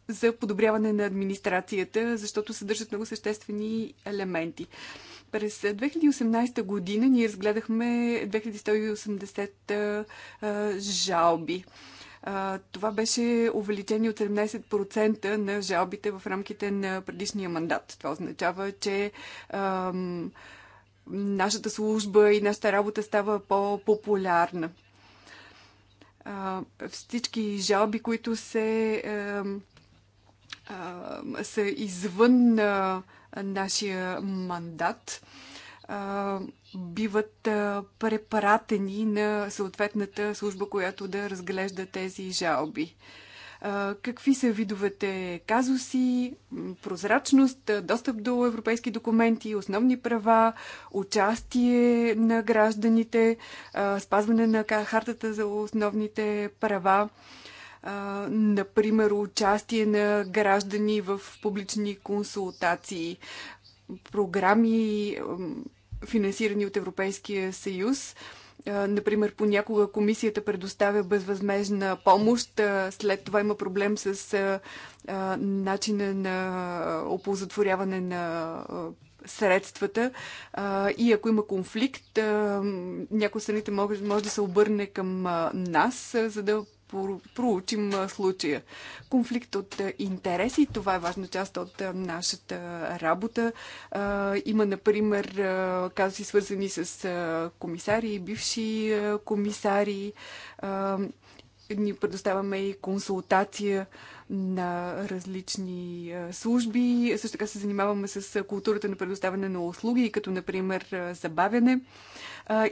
за подобряване на администрацията, защото съдържат много съществени елементи. През 2018 година ние разгледахме 2180 жалби. това беше увеличение от 17% на жалбите в рамките на предишния мандат. Това означава, че нашата служба и нашата работа става по-популярна. Всички жалби, които се са извън а, нашия мандат, а, биват а, препратени на съответната служба, която да разглежда тези жалби. А, какви са видовете казуси, прозрачност, достъп до европейски документи, основни права, участие на гражданите, а, спазване на хартата за основните права. А, например, участие на граждани в публични консултации, програми, финансирани от Европейския съюз. Например, понякога комисията предоставя безвъзмежна помощ, след това има проблем с начина на оползотворяване на средствата и ако има конфликт, някои страните може, може да се обърне към нас, за да проучим случая. Конфликт от интереси, това е важна част от нашата работа. Има, например, казуси свързани с комисари, бивши комисари. Ни предоставяме и консултация на различни служби. Също така се занимаваме с културата на предоставяне на услуги, като например забавяне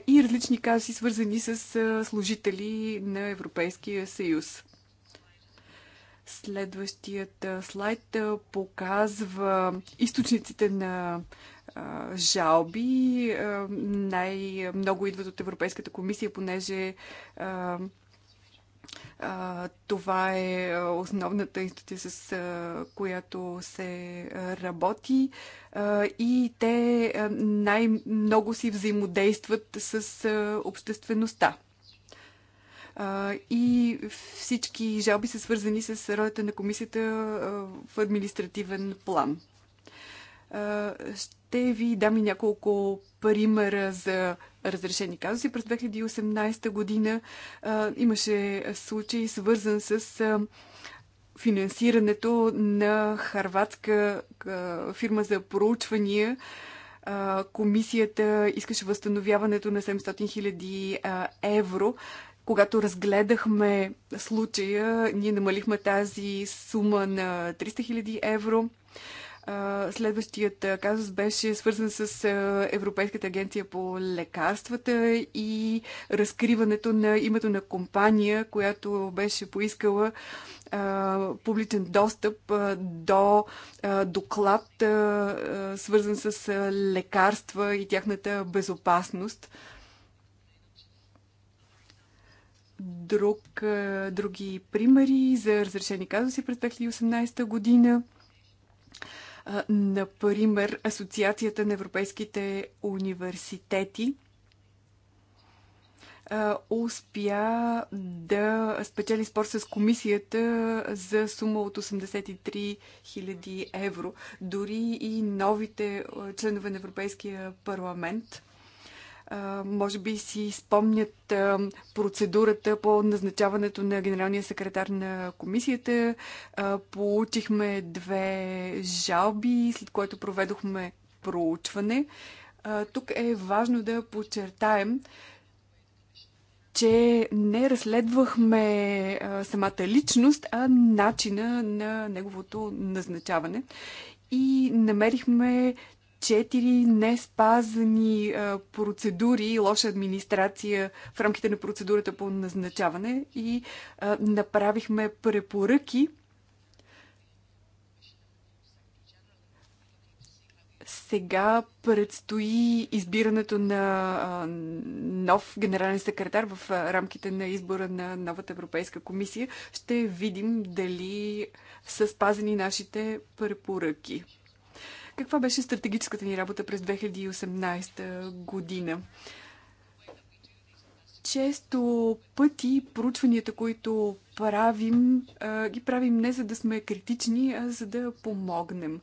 и различни казуси, свързани с служители на Европейския съюз. Следващият слайд показва източниците на жалби. Най-много идват от Европейската комисия, понеже това е основната институция, с която се работи и те най-много си взаимодействат с обществеността. И всички жалби са свързани с ролята на комисията в административен план. Ще ви дам и няколко примера за разрешени казуси. През 2018 година имаше случай свързан с финансирането на харватска фирма за проучвания. Комисията искаше възстановяването на 700 000 евро. Когато разгледахме случая, ние намалихме тази сума на 300 000 евро. Следващият казус беше свързан с Европейската агенция по лекарствата и разкриването на името на компания, която беше поискала публичен достъп до доклад, свързан с лекарства и тяхната безопасност. Друг, други примери за разрешени казуси през 2018 година – Например, Асоциацията на европейските университети успя да спечели спор с комисията за сума от 83 000 евро. Дори и новите членове на Европейския парламент може би си спомнят процедурата по назначаването на генералния секретар на комисията. Получихме две жалби, след което проведохме проучване. Тук е важно да подчертаем, че не разследвахме самата личност, а начина на неговото назначаване. И намерихме четири неспазани процедури, лоша администрация в рамките на процедурата по назначаване и направихме препоръки. Сега предстои избирането на нов генерален секретар в рамките на избора на новата Европейска комисия. Ще видим дали са спазени нашите препоръки каква беше стратегическата ни работа през 2018 година? често пъти проучванията, които правим, ги правим не за да сме критични, а за да помогнем.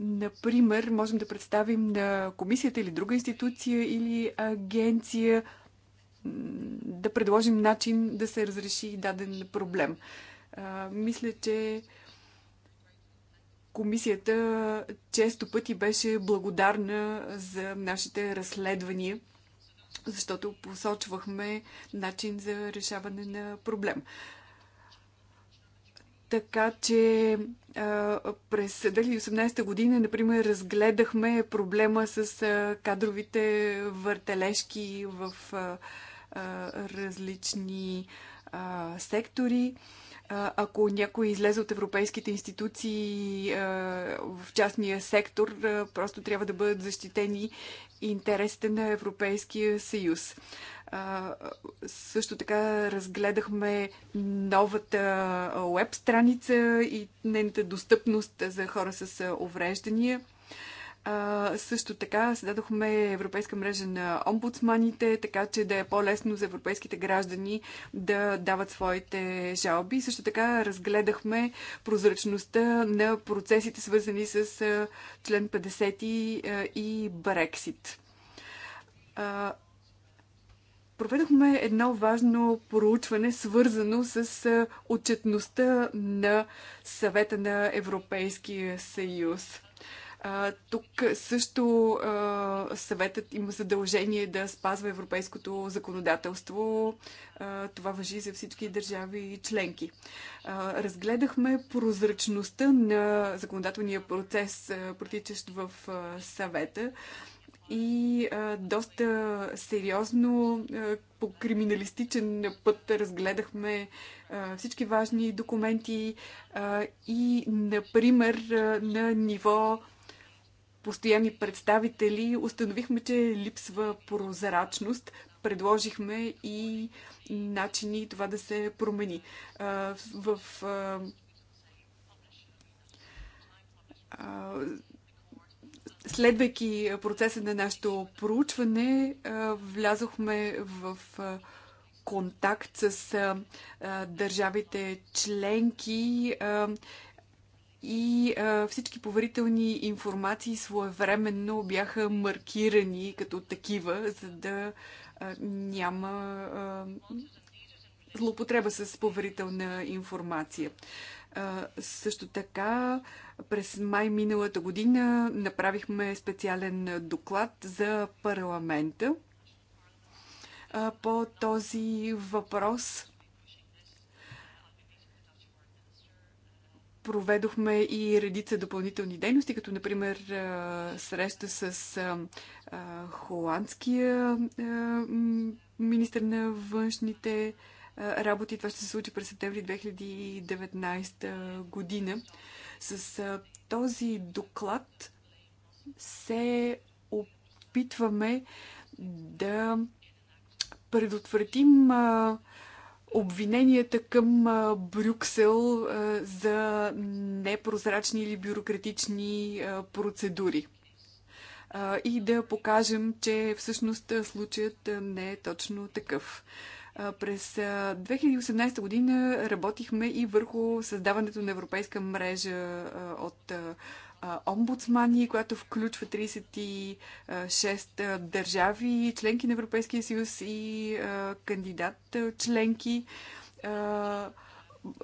Например, можем да представим на комисията или друга институция или агенция да предложим начин да се разреши даден проблем. Мисля, че Комисията често пъти беше благодарна за нашите разследвания, защото посочвахме начин за решаване на проблем. Така че през 2018 година, например, разгледахме проблема с кадровите въртележки в различни сектори ако някой излезе от европейските институции в частния сектор, просто трябва да бъдат защитени интересите на Европейския съюз. Също така разгледахме новата веб страница и нейната достъпност за хора с увреждания. А, също така създадохме Европейска мрежа на омбудсманите, така че да е по-лесно за европейските граждани да дават своите жалби. Също така разгледахме прозрачността на процесите, свързани с член 50 и Брексит. Проведохме едно важно проучване, свързано с отчетността на съвета на Европейския съюз а, тук също а, съветът има задължение да спазва европейското законодателство. А, това въжи за всички държави и членки. А, разгледахме прозрачността на законодателния процес, протичащ в а, съвета и а, доста сериозно а, по криминалистичен път разгледахме а, всички важни документи а, и, например, а, на ниво постоянни представители, установихме, че липсва прозрачност. Предложихме и начини това да се промени. В следвайки процеса на нашето проучване, влязохме в контакт с държавите членки и а, всички поверителни информации своевременно бяха маркирани като такива, за да а, няма а, злоупотреба с поверителна информация. А, също така, през май миналата година направихме специален доклад за парламента а, по този въпрос Проведохме и редица допълнителни дейности, като например среща с холандския министр на външните работи. Това ще се случи през септември 2019 година. С този доклад се опитваме да предотвратим обвиненията към Брюксел за непрозрачни или бюрократични процедури. И да покажем, че всъщност случаят не е точно такъв. През 2018 година работихме и върху създаването на европейска мрежа от омбудсмани, която включва 36 държави, членки на Европейския съюз и кандидат членки.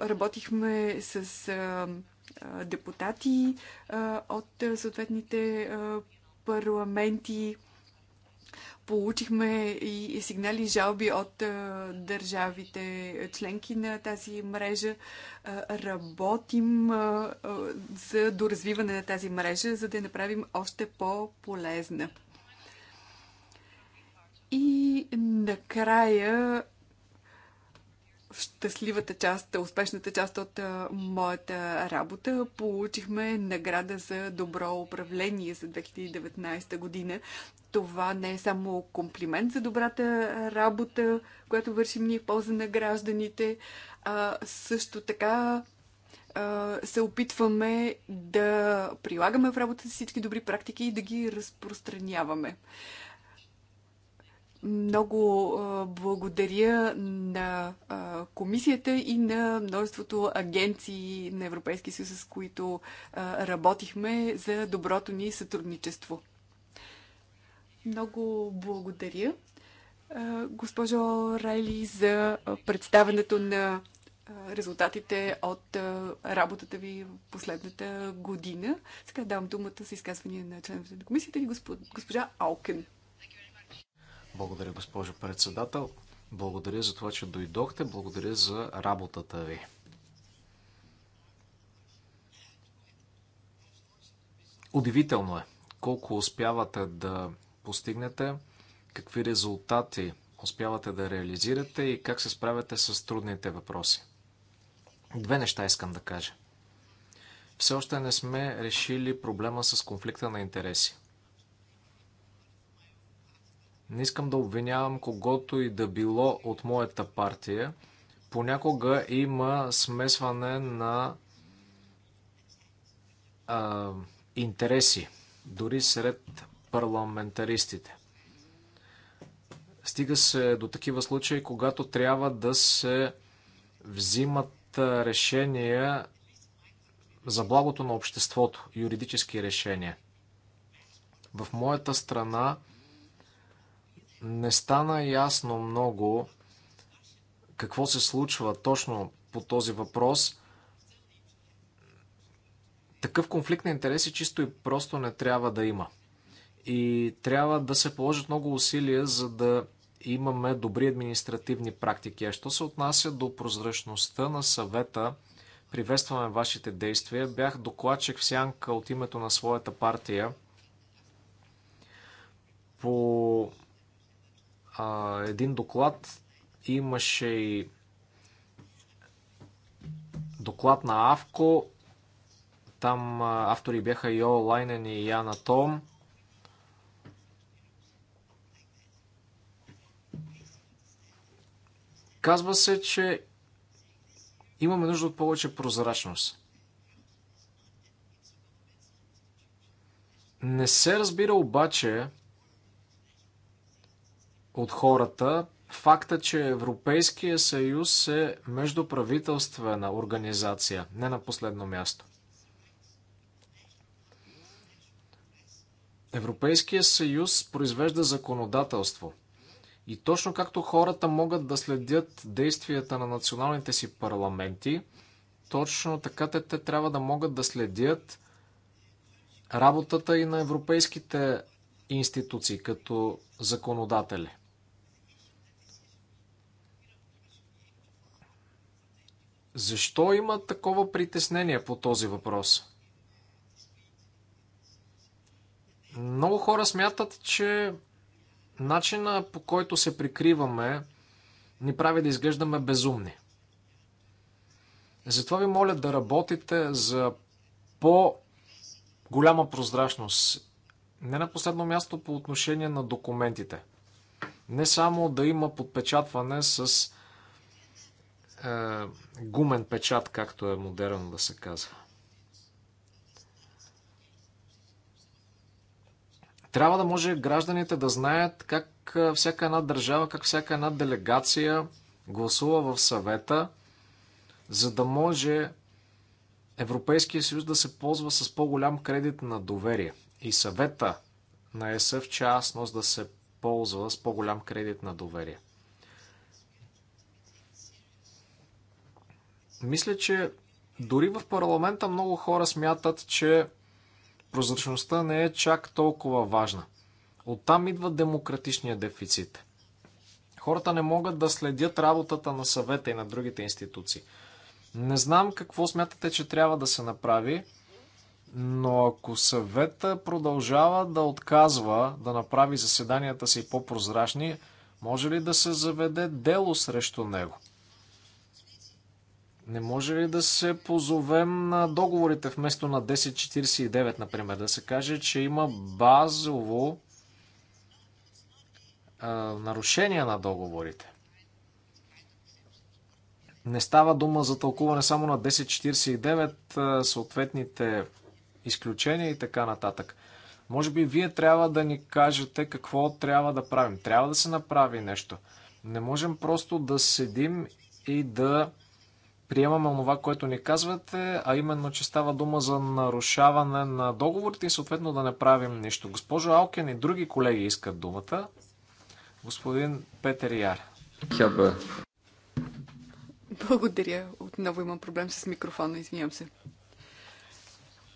Работихме с депутати от съответните парламенти. Получихме и сигнали и жалби от държавите членки на тази мрежа. Работим за доразвиване на тази мрежа, за да я направим още по-полезна. И накрая щастливата част, успешната част от моята работа. Получихме награда за добро управление за 2019 година. Това не е само комплимент за добрата работа, която вършим ние в полза на гражданите, а също така се опитваме да прилагаме в работата всички добри практики и да ги разпространяваме. Много благодаря на комисията и на множеството агенции на Европейския съюз, с които работихме за доброто ни сътрудничество. Много благодаря, госпожо Райли, за представенето на резултатите от работата ви в последната година. Сега давам думата за изказване на членовете на комисията и госпожа Алкен. Благодаря, госпожо председател. Благодаря за това, че дойдохте. Благодаря за работата ви. Удивително е колко успявате да постигнете, какви резултати успявате да реализирате и как се справяте с трудните въпроси. Две неща искам да кажа. Все още не сме решили проблема с конфликта на интереси. Не искам да обвинявам когото и да било от моята партия. Понякога има смесване на а, интереси, дори сред парламентаристите. Стига се до такива случаи, когато трябва да се взимат решения за благото на обществото, юридически решения. В моята страна не стана ясно много какво се случва точно по този въпрос. Такъв конфликт на интереси чисто и просто не трябва да има и трябва да се положат много усилия, за да имаме добри административни практики. А що се отнася до прозрачността на съвета, приветстваме вашите действия. Бях докладчик в сянка от името на своята партия по а, един доклад. Имаше и доклад на Авко. Там автори бяха Йо Лайнен и Яна Том. Казва се, че имаме нужда от повече прозрачност. Не се разбира обаче от хората факта, че Европейския съюз е междуправителствена организация, не на последно място. Европейския съюз произвежда законодателство – и точно както хората могат да следят действията на националните си парламенти, точно така те, те трябва да могат да следят работата и на европейските институции като законодатели. Защо има такова притеснение по този въпрос? Много хора смятат, че Начина по който се прикриваме ни прави да изглеждаме безумни. Затова ви моля да работите за по-голяма прозрачност. Не на последно място по отношение на документите. Не само да има подпечатване с е, гумен печат, както е модерно да се казва. Трябва да може гражданите да знаят как всяка една държава, как всяка една делегация гласува в съвета, за да може Европейския съюз да се ползва с по-голям кредит на доверие и съвета на ЕС в частност да се ползва с по-голям кредит на доверие. Мисля, че дори в парламента много хора смятат, че прозрачността не е чак толкова важна. Оттам идва демократичния дефицит. Хората не могат да следят работата на съвета и на другите институции. Не знам какво смятате, че трябва да се направи, но ако съвета продължава да отказва да направи заседанията си по-прозрачни, може ли да се заведе дело срещу него? Не може ли да се позовем на договорите вместо на 1049, например? Да се каже, че има базово а, нарушение на договорите. Не става дума за тълкуване само на 1049, съответните изключения и така нататък. Може би вие трябва да ни кажете какво трябва да правим. Трябва да се направи нещо. Не можем просто да седим и да приемаме това, което ни казвате, а именно, че става дума за нарушаване на договорите и съответно да не правим нищо. Госпожо Алкен и други колеги искат думата. Господин Петър Яр. Е. Благодаря. Отново имам проблем с микрофона, извинявам се.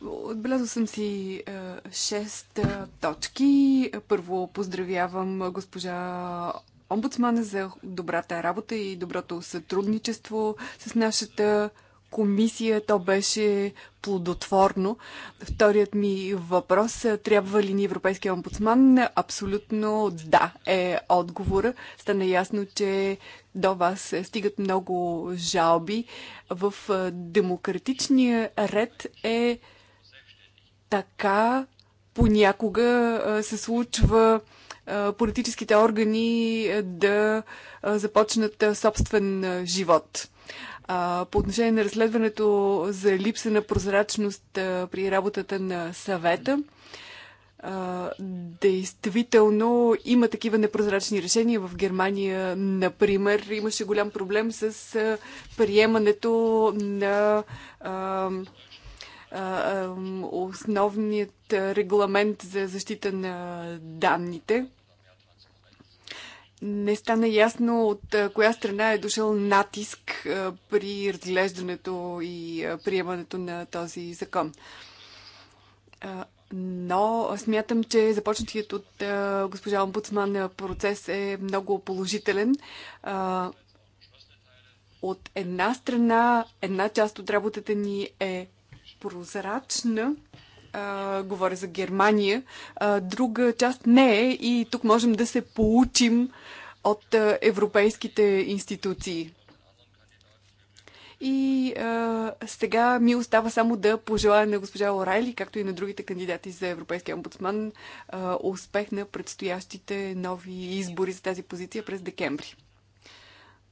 Отбелязал съм си е, шест е, точки. Първо поздравявам госпожа омбудсмана е за добрата работа и доброто сътрудничество с нашата комисия. То беше плодотворно. Вторият ми въпрос трябва ли ни Европейския омбудсман? Абсолютно да е отговора. Стана ясно, че до вас стигат много жалби. В демократичния ред е така понякога се случва политическите органи да започнат собствен живот. По отношение на разследването за липса на прозрачност при работата на съвета, действително има такива непрозрачни решения. В Германия, например, имаше голям проблем с приемането на основният регламент за защита на данните. Не стана ясно от коя страна е дошъл натиск при разглеждането и приемането на този закон. Но смятам, че започнатият от госпожа омбудсман процес е много положителен от една страна, една част от работата ни е прозрачна. А, говоря за Германия. А, друга част не е и тук можем да се получим от а, европейските институции. И а, сега ми остава само да пожелая на госпожа Орайли, както и на другите кандидати за Европейския омбудсман, а, успех на предстоящите нови избори за тази позиция през декември.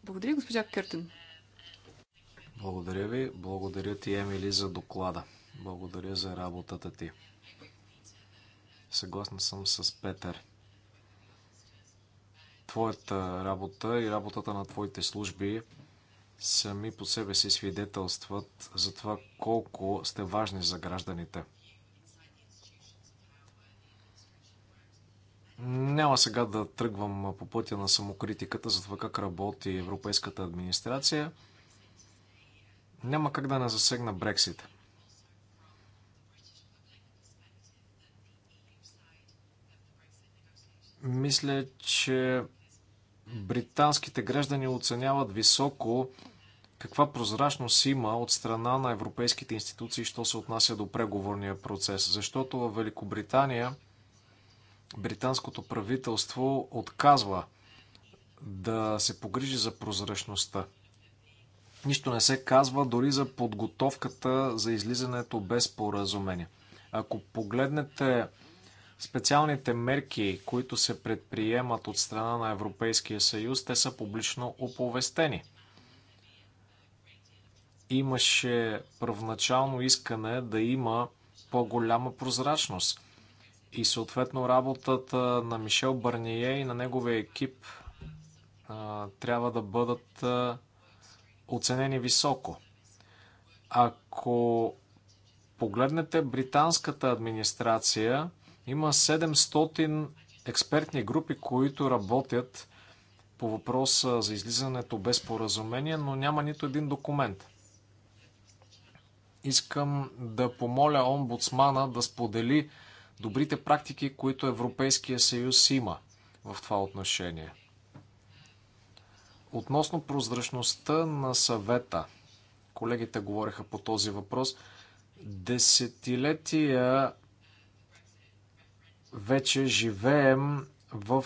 Благодаря, госпожа Къртен. Благодаря ви. Благодаря ти, Емили, за доклада. Благодаря за работата ти. Съгласна съм с Петър. Твоята работа и работата на твоите служби сами по себе си свидетелстват за това колко сте важни за гражданите. Няма сега да тръгвам по пътя на самокритиката за това как работи Европейската администрация – няма как да не засегна Брексит. Мисля, че британските граждани оценяват високо каква прозрачност има от страна на европейските институции, що се отнася до преговорния процес. Защото в Великобритания британското правителство отказва да се погрижи за прозрачността. Нищо не се казва дори за подготовката за излизането без поразумение. Ако погледнете специалните мерки, които се предприемат от страна на Европейския съюз, те са публично оповестени. Имаше първоначално искане да има по-голяма прозрачност. И съответно работата на Мишел Барние и на неговия екип а, трябва да бъдат а, оценени високо. Ако погледнете британската администрация, има 700 експертни групи, които работят по въпроса за излизането без поразумение, но няма нито един документ. Искам да помоля омбудсмана да сподели добрите практики, които Европейския съюз има в това отношение. Относно прозрачността на съвета, колегите говориха по този въпрос. Десетилетия вече живеем в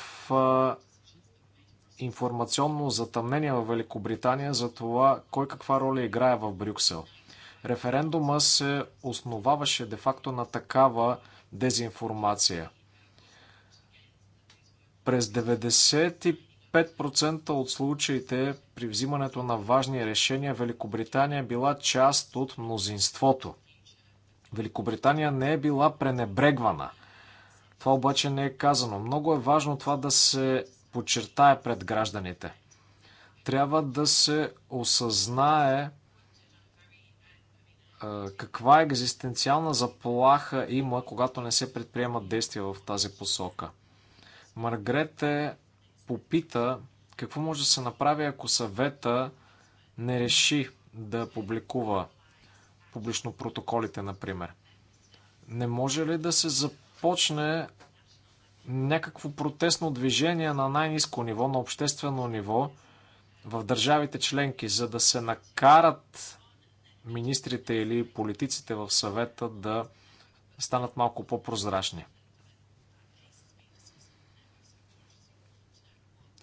информационно затъмнение в Великобритания за това кой каква роля играе в Брюксел. Референдума се основаваше де-факто на такава дезинформация. През 95 5% от случаите при взимането на важни решения Великобритания е била част от мнозинството. Великобритания не е била пренебрегвана. Това обаче не е казано. Много е важно това да се подчертае пред гражданите. Трябва да се осъзнае каква екзистенциална заплаха има, когато не се предприемат действия в тази посока. Маргрете попита какво може да се направи, ако съвета не реши да публикува публично протоколите, например. Не може ли да се започне някакво протестно движение на най-низко ниво, на обществено ниво в държавите членки, за да се накарат министрите или политиците в съвета да станат малко по-прозрачни?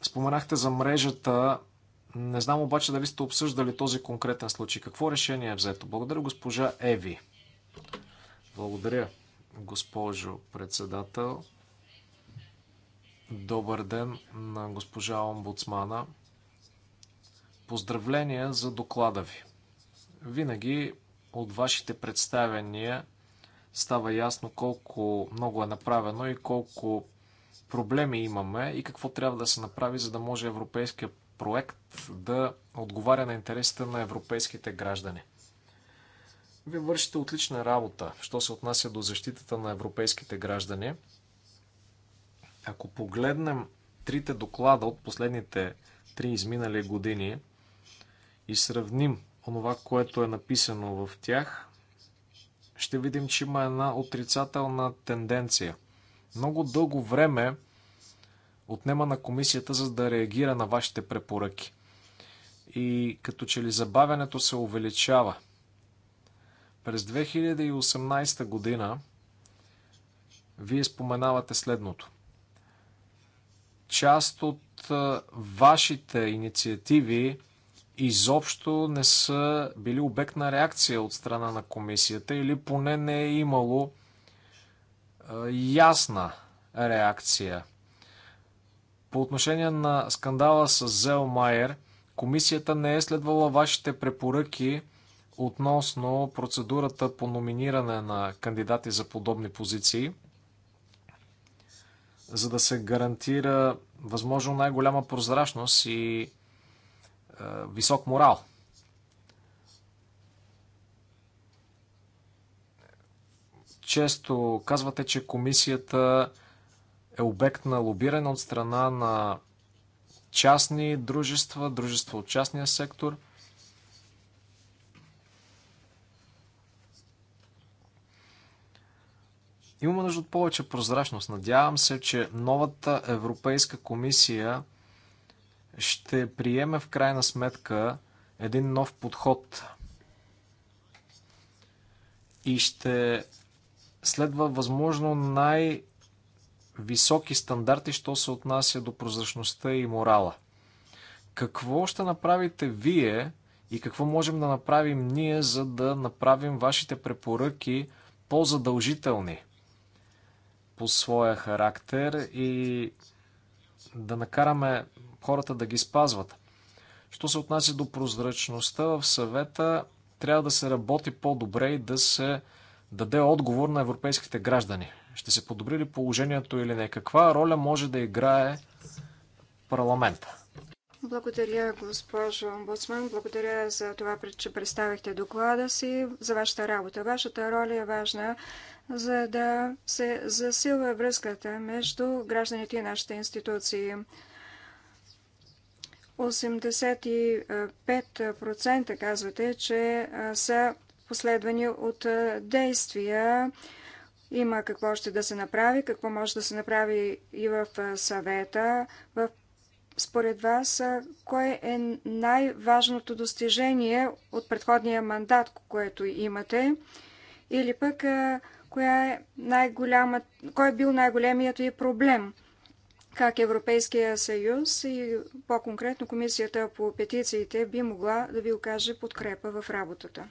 Споменахте за мрежата. Не знам обаче дали сте обсъждали този конкретен случай. Какво решение е взето? Благодаря, госпожа Еви. Благодаря, госпожо председател. Добър ден на госпожа омбудсмана. Поздравления за доклада ви. Винаги от вашите представяния става ясно колко много е направено и колко проблеми имаме и какво трябва да се направи, за да може европейския проект да отговаря на интересите на европейските граждани. Вие вършите отлична работа, що се отнася до защитата на европейските граждани. Ако погледнем трите доклада от последните три изминали години и сравним онова, което е написано в тях, ще видим, че има една отрицателна тенденция – много дълго време отнема на комисията, за да реагира на вашите препоръки. И като че ли забавянето се увеличава. През 2018 година вие споменавате следното. Част от вашите инициативи изобщо не са били обект на реакция от страна на комисията или поне не е имало ясна реакция. По отношение на скандала с Зел Майер, комисията не е следвала вашите препоръки относно процедурата по номиниране на кандидати за подобни позиции, за да се гарантира възможно най-голяма прозрачност и висок морал Често казвате, че комисията е обект на лобиране от страна на частни дружества, дружества от частния сектор. Имаме нужда от повече прозрачност. Надявам се, че новата Европейска комисия ще приеме в крайна сметка един нов подход и ще следва възможно най-високи стандарти, що се отнася до прозрачността и морала. Какво ще направите вие и какво можем да направим ние, за да направим вашите препоръки по-задължителни по своя характер и да накараме хората да ги спазват? Що се отнася до прозрачността в съвета, трябва да се работи по-добре и да се даде отговор на европейските граждани? Ще се подобри ли положението или не? Каква роля може да играе парламента? Благодаря, госпожо Омбудсман. Благодаря за това, че представихте доклада си, за вашата работа. Вашата роля е важна, за да се засилва връзката между гражданите и нашите институции. 85% казвате, че са последвани от действия. Има какво ще да се направи, какво може да се направи и в съвета. В, според вас, кое е най-важното достижение от предходния мандат, което имате? Или пък коя е най кой е бил най-големият ви проблем? Как Европейския съюз и по-конкретно Комисията по петициите би могла да ви окаже подкрепа в работата?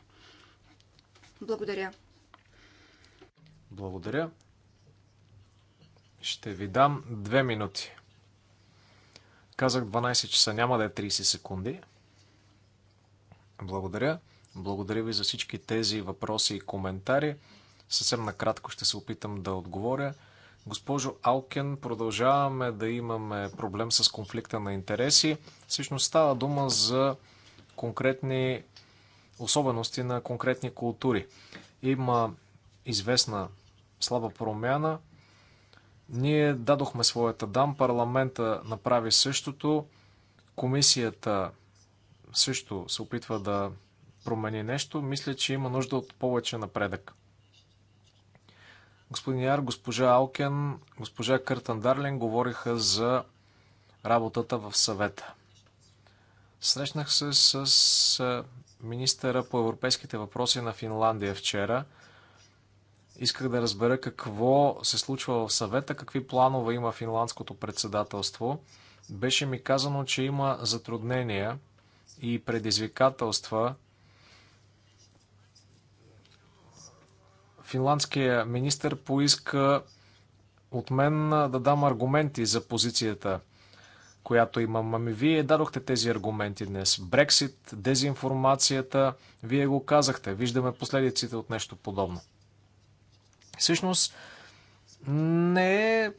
Благодаря. Благодаря. Ще ви дам две минути. Казах 12 часа, няма да е 30 секунди. Благодаря. Благодаря ви за всички тези въпроси и коментари. Съвсем накратко ще се опитам да отговоря. Госпожо Алкен, продължаваме да имаме проблем с конфликта на интереси. Всъщност става дума за конкретни особености на конкретни култури. Има известна слаба промяна. Ние дадохме своята дам, парламента направи същото, комисията също се опитва да промени нещо. Мисля, че има нужда от повече напредък. Господин Яр, госпожа Алкен, госпожа Къртан Дарлин говориха за работата в съвета. Срещнах се с министъра по европейските въпроси на Финландия вчера. Исках да разбера какво се случва в съвета, какви планове има финландското председателство. Беше ми казано, че има затруднения и предизвикателства. Финландския министр поиска от мен да дам аргументи за позицията която имам. Ами вие дадохте тези аргументи днес. Брексит, дезинформацията, вие го казахте. Виждаме последиците от нещо подобно. Всъщност, не е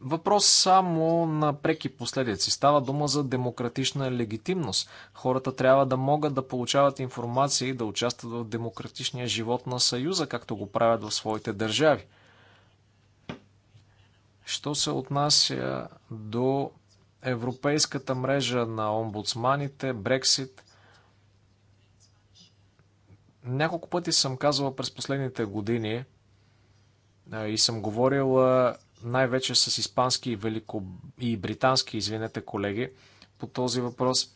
въпрос само на преки последици. Става дума за демократична легитимност. Хората трябва да могат да получават информация и да участват в демократичния живот на Съюза, както го правят в своите държави. Що се отнася до Европейската мрежа на омбудсманите, Брексит. Няколко пъти съм казвал през последните години и съм говорила най-вече с испански и, велико... и британски, извинете колеги, по този въпрос.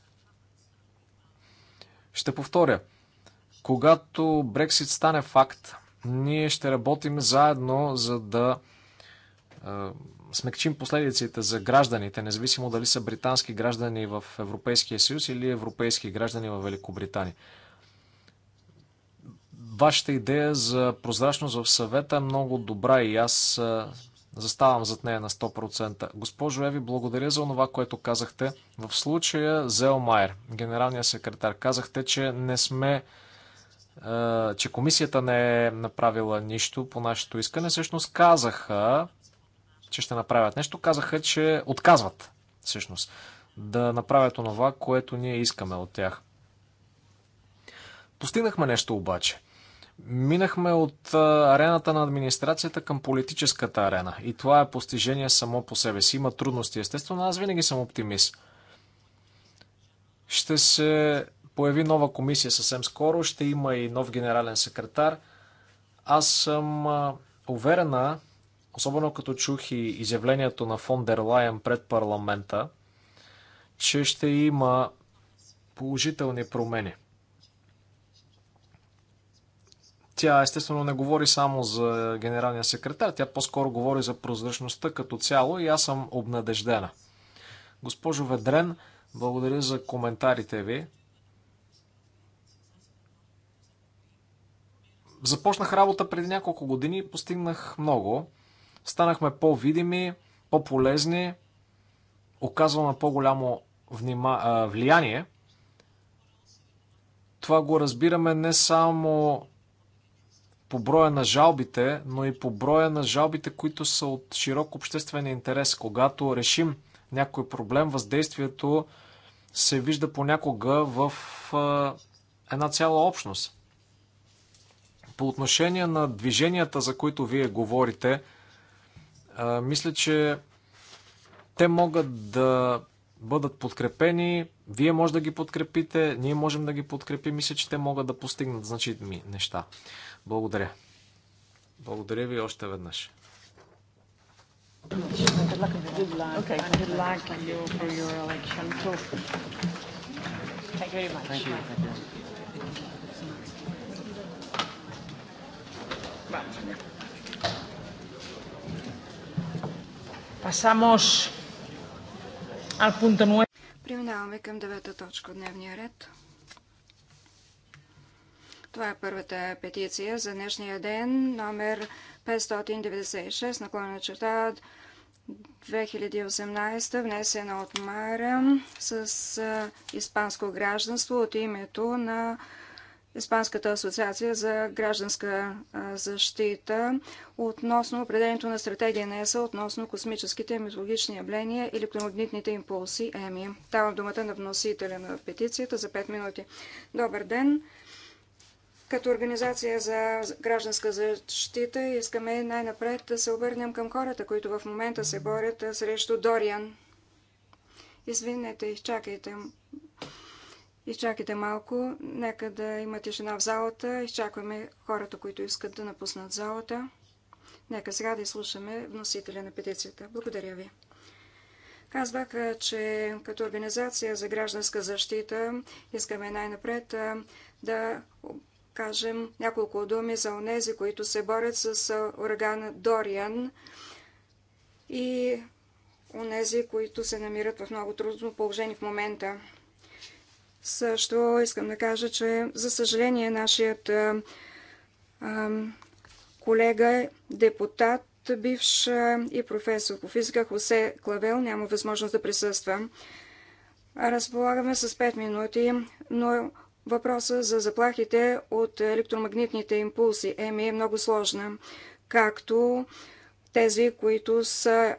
Ще повторя. Когато Брексит стане факт, ние ще работим заедно, за да смекчим последиците за гражданите, независимо дали са британски граждани в Европейския съюз или европейски граждани в Великобритания. Вашата идея за прозрачност в съвета е много добра и аз заставам зад нея на 100%. Госпожо Еви, благодаря за това, което казахте. В случая Зел Майер, генералния секретар, казахте, че не сме че комисията не е направила нищо по нашето искане. Всъщност казаха, че ще направят нещо, казаха, че отказват всъщност да направят онова, което ние искаме от тях. Постигнахме нещо обаче. Минахме от арената на администрацията към политическата арена. И това е постижение само по себе си. Има трудности, естествено. Аз винаги съм оптимист. Ще се появи нова комисия съвсем скоро. Ще има и нов генерален секретар. Аз съм уверена, особено като чух и изявлението на фон дер Лайен пред парламента, че ще има положителни промени. Тя естествено не говори само за генералния секретар, тя по-скоро говори за прозрачността като цяло и аз съм обнадеждена. Госпожо Ведрен, благодаря за коментарите ви. Започнах работа преди няколко години и постигнах много. Станахме по-видими, по-полезни, оказваме по-голямо внима... влияние. Това го разбираме не само по броя на жалбите, но и по броя на жалбите, които са от широк обществен интерес. Когато решим някой проблем, въздействието се вижда понякога в една цяла общност. По отношение на движенията, за които вие говорите, мисля, че те могат да бъдат подкрепени, вие може да ги подкрепите, ние можем да ги подкрепим, мисля, че те могат да постигнат значителни неща. Благодаря. Благодаря ви още веднъж. Thank you. Pasamos al punto 9. Преминаваме към девета точка от дневния ред. Това е първата петиция за днешния ден, номер 596, наклонена черта 2018, внесена от Майра с испанско гражданство от името на Испанската асоциация за гражданска защита относно определението на стратегия на ЕСА относно космическите митологични явления и електромагнитните импулси ЕМИ. Давам думата на вносителя на петицията за 5 минути. Добър ден! Като организация за гражданска защита искаме най-напред да се обърнем към хората, които в момента се борят срещу Дориан. Извинете, изчакайте Изчакайте малко, нека да има тишина в залата. Изчакваме хората, които искат да напуснат залата. Нека сега да изслушаме вносителя на петицията. Благодаря ви. Казвах, че като Организация за гражданска защита искаме най-напред да кажем няколко думи за онези, които се борят с ураган Дориан и онези, които се намират в много трудно положение в момента. Също искам да кажа, че за съжаление нашият колега, депутат, бивш и професор по физика Хосе Клавел няма възможност да присъства. Разполагаме с 5 минути, но въпроса за заплахите от електромагнитните импулси ЕМИ е много сложна, както тези, които са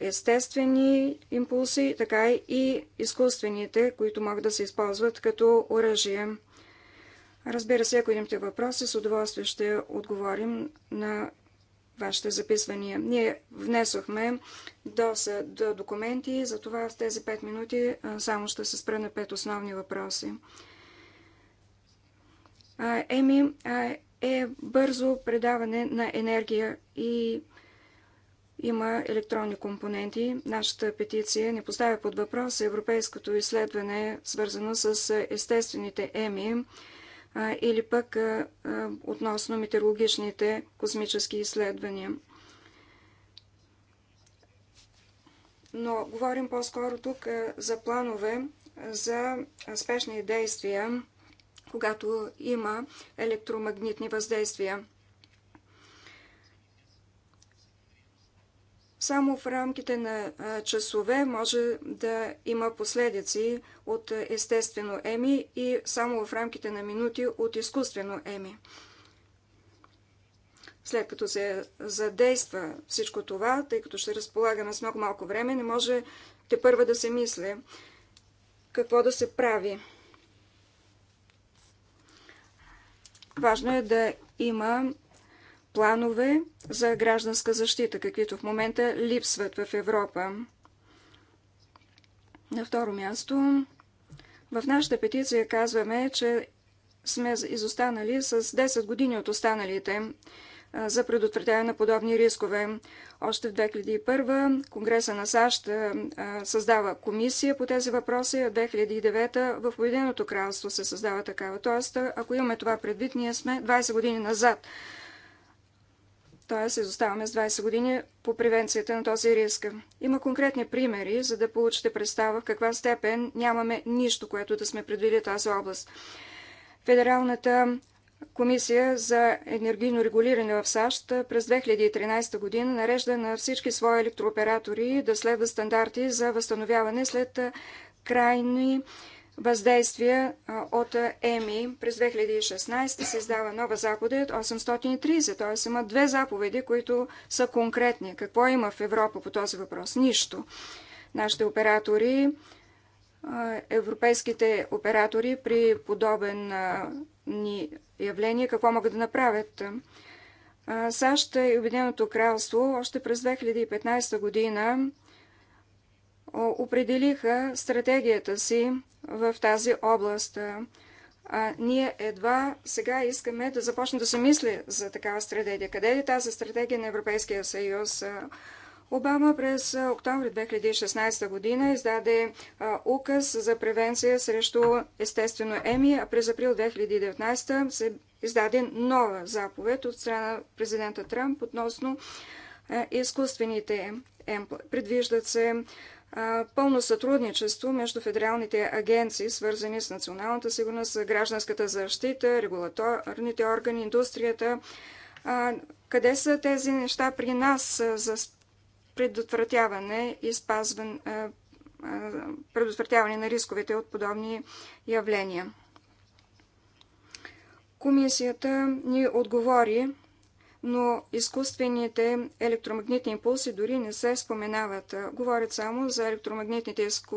естествени импулси, така и изкуствените, които могат да се използват като оръжие. Разбира се, ако имате въпроси, с удоволствие ще отговорим на вашите записвания. Ние внесохме доста до документи, затова в тези 5 минути само ще се спра на 5 основни въпроси. Еми е бързо предаване на енергия и енергия има електронни компоненти. Нашата петиция не поставя под въпрос европейското изследване, свързано с естествените еми или пък относно метеорологичните космически изследвания. Но говорим по-скоро тук за планове за спешни действия, когато има електромагнитни въздействия. Само в рамките на часове може да има последици от естествено еми и само в рамките на минути от изкуствено еми. След като се задейства всичко това, тъй като ще разполагаме с много малко време, не може те първа да се мисли какво да се прави. Важно е да има планове за гражданска защита, каквито в момента липсват в Европа. На второ място, в нашата петиция казваме, че сме изостанали с 10 години от останалите за предотвратяване на подобни рискове. Още в 2001 Конгреса на САЩ създава комисия по тези въпроси, а в 2009 в Обединеното кралство се създава такава. Тоест, ако имаме това предвид, ние сме 20 години назад Тоест, изоставаме с 20 години по превенцията на този риск. Има конкретни примери, за да получите представа в каква степен нямаме нищо, което да сме предвидили тази област. Федералната Комисия за енергийно регулиране в САЩ през 2013 година нарежда на всички свои електрооператори да следва стандарти за възстановяване след крайни въздействие от ЕМИ. През 2016 се издава нова заповед 830, т.е. има две заповеди, които са конкретни. Какво има в Европа по този въпрос? Нищо. Нашите оператори, европейските оператори при подобен ни явление, какво могат да направят? САЩ и Обединеното кралство още през 2015 година определиха стратегията си в тази област. А, ние едва сега искаме да започне да се мисли за такава стратегия. Къде е тази стратегия на Европейския съюз? Обама през октомври 2016 година издаде указ за превенция срещу естествено ЕМИ, а през април 2019 се издаде нова заповед от страна на президента Трамп относно изкуствените ЕМИ. Предвиждат се пълно сътрудничество между федералните агенции, свързани с националната сигурност, гражданската защита, регулаторните органи, индустрията. Къде са тези неща при нас за предотвратяване и спазване, предотвратяване на рисковете от подобни явления? Комисията ни отговори но изкуствените електромагнитни импулси дори не се споменават. Говорят само за електромагнитните изку...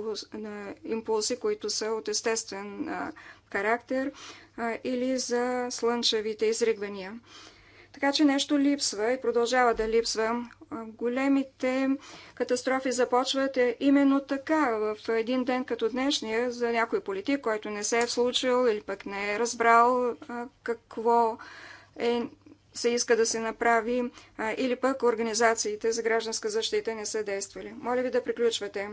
импулси, които са от естествен характер или за слънчевите изригвания. Така че нещо липсва и продължава да липсва. Големите катастрофи започват е, именно така, в един ден като днешния, за някой политик, който не се е случил или пък не е разбрал какво е се иска да се направи или пък организациите за гражданска защита не са действали. Моля ви да приключвате.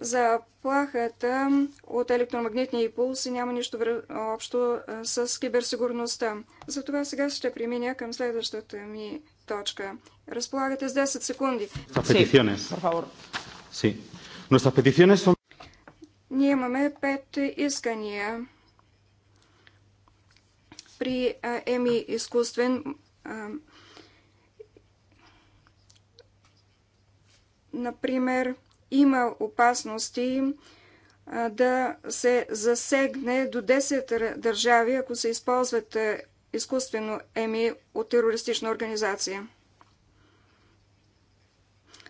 За плахата от електромагнитни импулси няма нищо общо с киберсигурността. Затова сега ще преминя към следващата ми точка. Разполагате с 10 секунди. Ние имаме пет искания при ЕМИ изкуствен например, има опасности да се засегне до 10 държави, ако се използват изкуствено еми от терористична организация.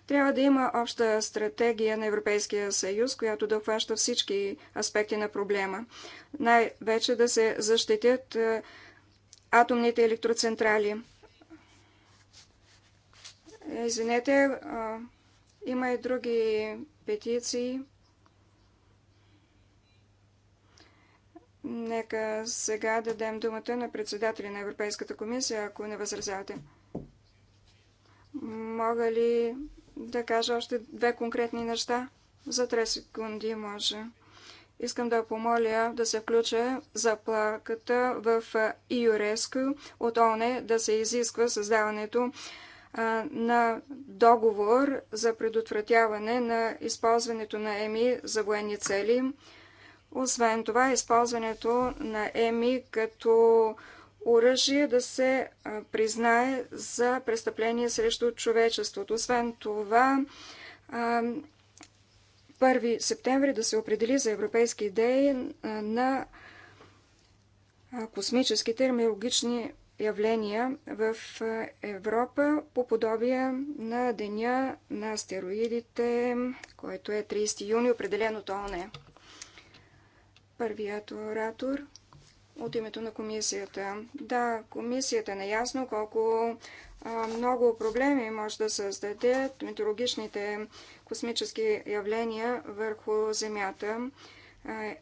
Трябва да има обща стратегия на Европейския съюз, която да хваща всички аспекти на проблема. Най-вече да се защитят е, атомните електроцентрали. Извинете, е, има и други петиции. Нека сега дадем думата на председателя на Европейската комисия, ако не възразявате. Мога ли да кажа още две конкретни неща. За 3 секунди може. Искам да помоля да се включа заплаката в ЮРЕСКО от ОНЕ да се изисква създаването на договор за предотвратяване на използването на ЕМИ за военни цели. Освен това, използването на ЕМИ като оръжие да се признае за престъпление срещу човечеството. Освен това, 1 септември да се определи за европейски идеи на космически термиологични явления в Европа по подобие на деня на астероидите, който е 30 юни, определен от ОНЕ. Първият оратор – от името на комисията. Да, комисията е наясно колко много проблеми може да създаде метеорологичните космически явления върху Земята.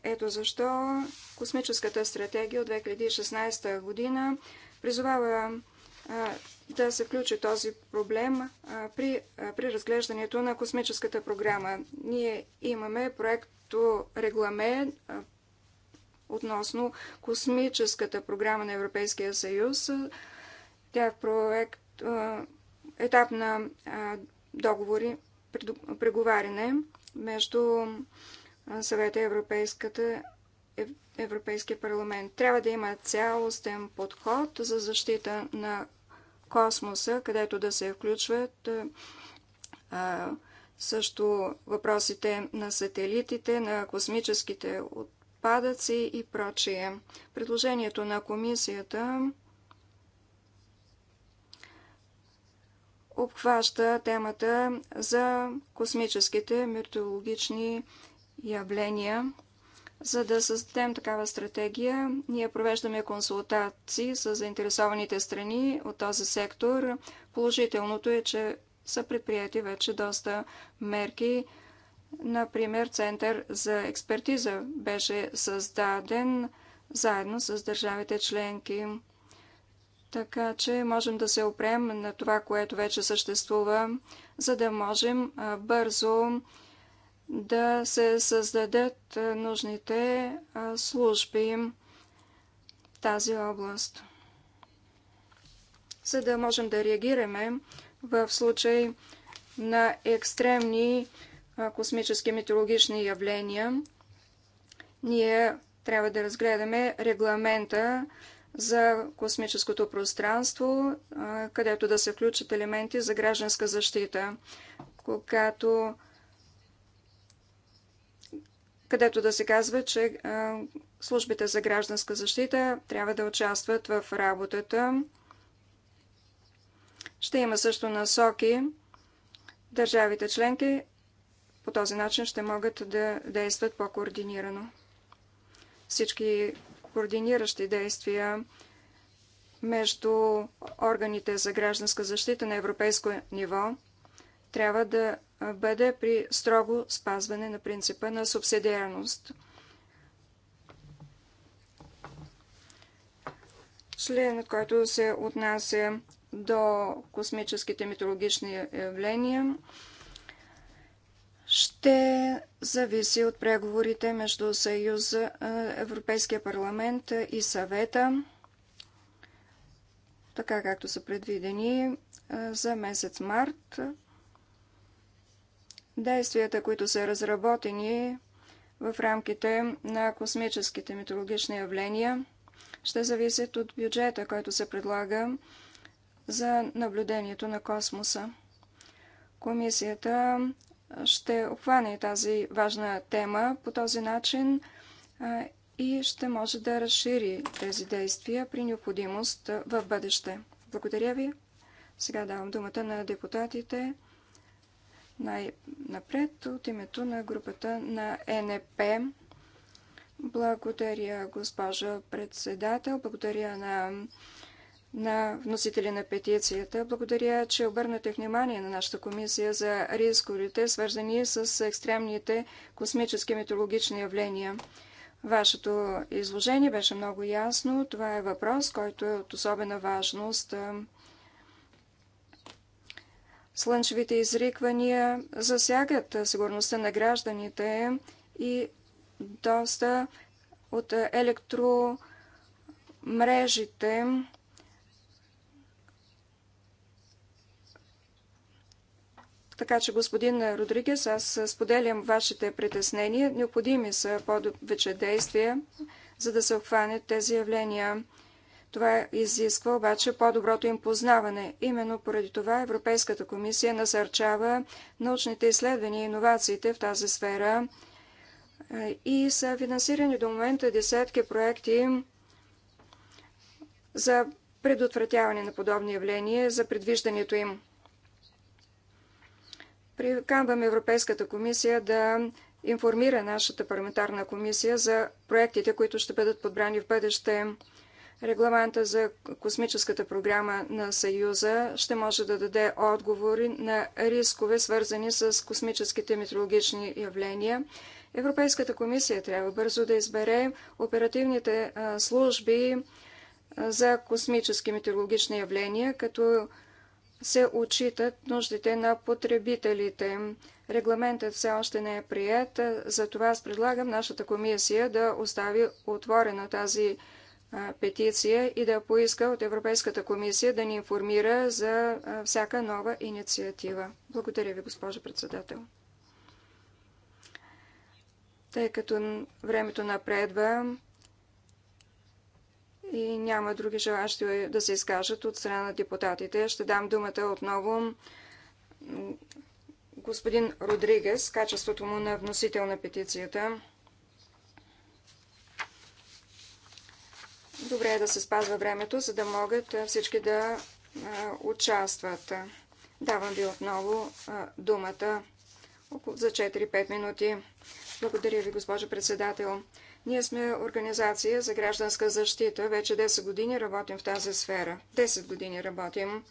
Ето защо космическата стратегия от 2016 година призовава да се включи този проблем при, при разглеждането на космическата програма. Ние имаме проекто регламент относно космическата програма на Европейския съюз. Тя е в проект, етап на договори, преговаряне между съвета Европейската Европейския парламент. Трябва да има цялостен подход за защита на космоса, където да се включват а, също въпросите на сателитите, на космическите отпадъци и прочие. Предложението на комисията обхваща темата за космическите метеорологични явления. За да създадем такава стратегия, ние провеждаме консултации с заинтересованите страни от този сектор. Положителното е, че са предприяти вече доста мерки Например, Център за експертиза беше създаден заедно с държавите членки. Така че можем да се опрем на това, което вече съществува, за да можем бързо да се създадат нужните служби в тази област. За да можем да реагираме в случай на екстремни космически метеорологични явления, ние трябва да разгледаме регламента за космическото пространство, където да се включат елементи за гражданска защита, когато където да се казва, че службите за гражданска защита трябва да участват в работата. Ще има също насоки държавите членки по този начин ще могат да действат по-координирано. Всички координиращи действия между органите за гражданска защита на европейско ниво трябва да бъде при строго спазване на принципа на субсидиарност. Членът, който се отнася до космическите митологични явления, ще зависи от преговорите между Съюза, Европейския парламент и съвета, така както са предвидени за месец март. Действията, които са разработени в рамките на космическите метеорологични явления, ще зависят от бюджета, който се предлага за наблюдението на космоса. Комисията ще обхване тази важна тема по този начин и ще може да разшири тези действия при необходимост в бъдеще. Благодаря ви. Сега давам думата на депутатите. Най-напред от името на групата на НП. Благодаря, госпожо председател. Благодаря на на вносители на петицията. Благодаря, че обърнате внимание на нашата комисия за рисковете, свързани с екстремните космически метеорологични явления. Вашето изложение беше много ясно. Това е въпрос, който е от особена важност. Слънчевите изриквания засягат сигурността на гражданите и доста от електромрежите Така че, господин Родригес, аз споделям вашите притеснения. Необходими са повече действия, за да се обхванят тези явления. Това изисква обаче по-доброто им познаване. Именно поради това Европейската комисия насърчава научните изследвания и иновациите в тази сфера и са финансирани до момента десетки проекти за предотвратяване на подобни явления, за предвиждането им. Приканвам Европейската комисия да информира нашата парламентарна комисия за проектите, които ще бъдат подбрани в бъдеще. Регламента за космическата програма на Съюза ще може да даде отговори на рискове, свързани с космическите метеорологични явления. Европейската комисия трябва бързо да избере оперативните служби за космически метеорологични явления, като се отчитат нуждите на потребителите. Регламентът все още не е прият, затова аз предлагам нашата комисия да остави отворена тази петиция и да поиска от Европейската комисия да ни информира за всяка нова инициатива. Благодаря ви, госпожо председател. Тъй като времето напредва, и няма други желащи да се изкажат от страна на депутатите. Ще дам думата отново господин Родригес, качеството му на вносител на петицията. Добре е да се спазва времето, за да могат всички да участват. Давам ви отново думата за 4-5 минути. Благодаря ви, госпожо председател. Ние сме организация за гражданска защита. Вече 10 години работим в тази сфера. 10 години работим.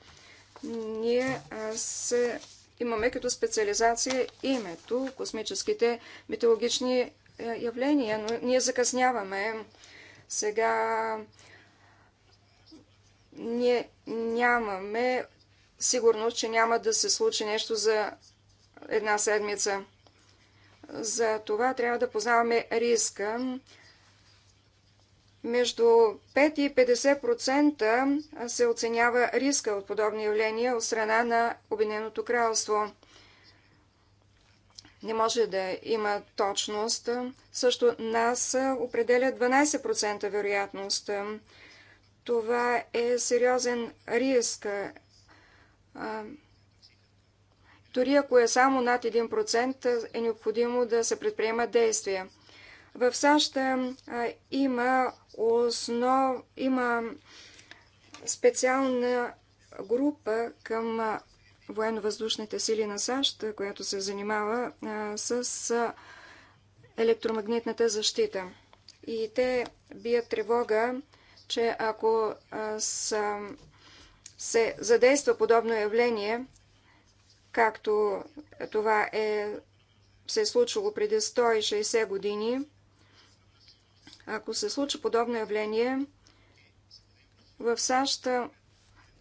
Ние се имаме като специализация името космическите митологични е, явления, но ние закъсняваме. Сега ние нямаме сигурност, че няма да се случи нещо за една седмица. За това трябва да познаваме риска. Между 5 и 50% се оценява риска от подобни явления от страна на Обединеното кралство. Не може да има точност. Също нас определя 12% вероятност. Това е сериозен риск. Дори ако е само над 1%, е необходимо да се предприемат действия. В САЩ има, основ... има специална група към военно-въздушните сили на САЩ, която се занимава с електромагнитната защита. И те бият тревога, че ако са, се задейства подобно явление, както това е, се е случило преди 160 години. Ако се случи подобно явление, в САЩ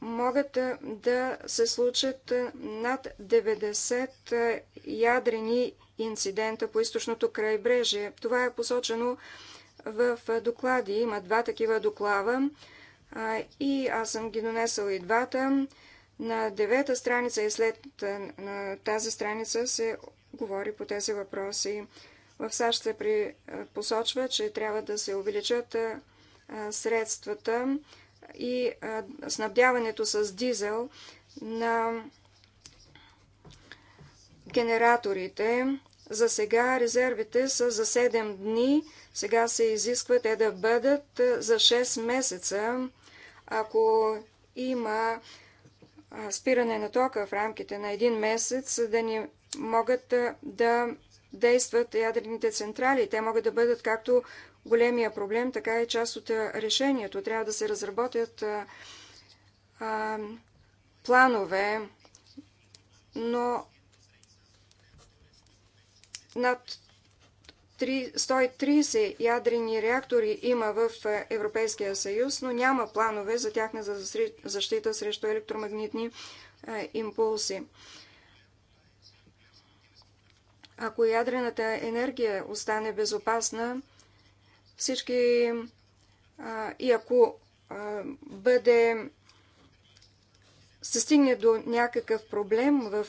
могат да се случат над 90 ядрени инцидента по източното крайбрежие. Това е посочено в доклади. Има два такива доклада и аз съм ги донесъл и двата. На девета страница и след на тази страница се говори по тези въпроси. В САЩ се при, посочва, че трябва да се увеличат средствата и снабдяването с дизел на генераторите. За сега резервите са за 7 дни. Сега се изисква те да бъдат за 6 месеца. Ако има спиране на тока в рамките на един месец, да не могат да действат ядрените централи. Те могат да бъдат както големия проблем, така и част от решението. Трябва да се разработят а, планове, но над 130 ядрени реактори има в е, Европейския съюз, но няма планове за тяхна защита срещу електромагнитни е, импулси. Ако ядрената енергия остане безопасна, всички и ако бъде се стигне до някакъв проблем в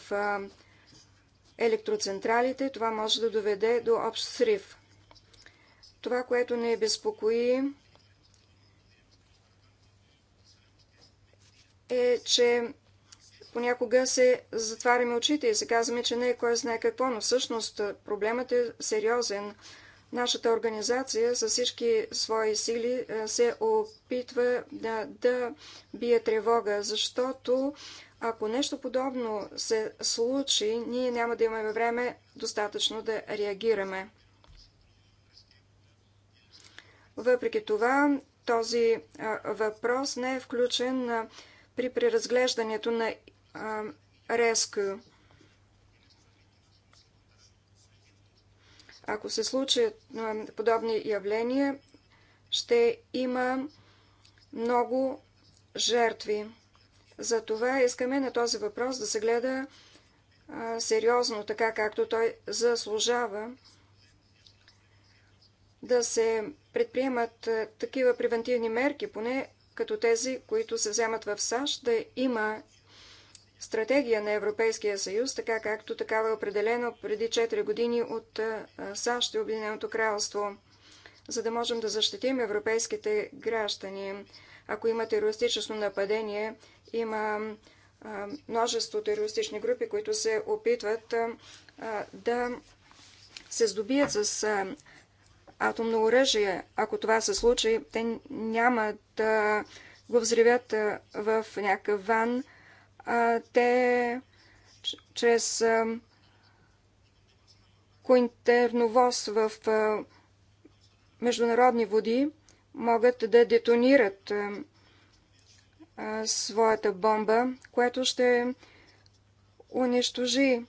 електроцентралите, това може да доведе до общ срив. Това, което не безпокои, е, че понякога се затваряме очите и се казваме, че не е кой знае какво, но всъщност проблемът е сериозен. Нашата организация със всички свои сили е, се опитва да, да бие тревога, защото ако нещо подобно се случи, ние няма да имаме време достатъчно да реагираме. Въпреки това, този въпрос не е включен при преразглеждането на резко. Ако се случат подобни явления, ще има много жертви. За това искаме на този въпрос да се гледа сериозно, така както той заслужава да се предприемат такива превентивни мерки, поне като тези, които се вземат в САЩ, да има стратегия на Европейския съюз, така както такава е определено преди 4 години от САЩ и Обединеното кралство, за да можем да защитим европейските граждани. Ако има терористично нападение, има множество терористични групи, които се опитват да се здобият с атомно оръжие. Ако това се случи, те няма да го взривят в някакъв ван. Те чрез коинтерновоз в международни води могат да детонират е, своята бомба, което ще унищожи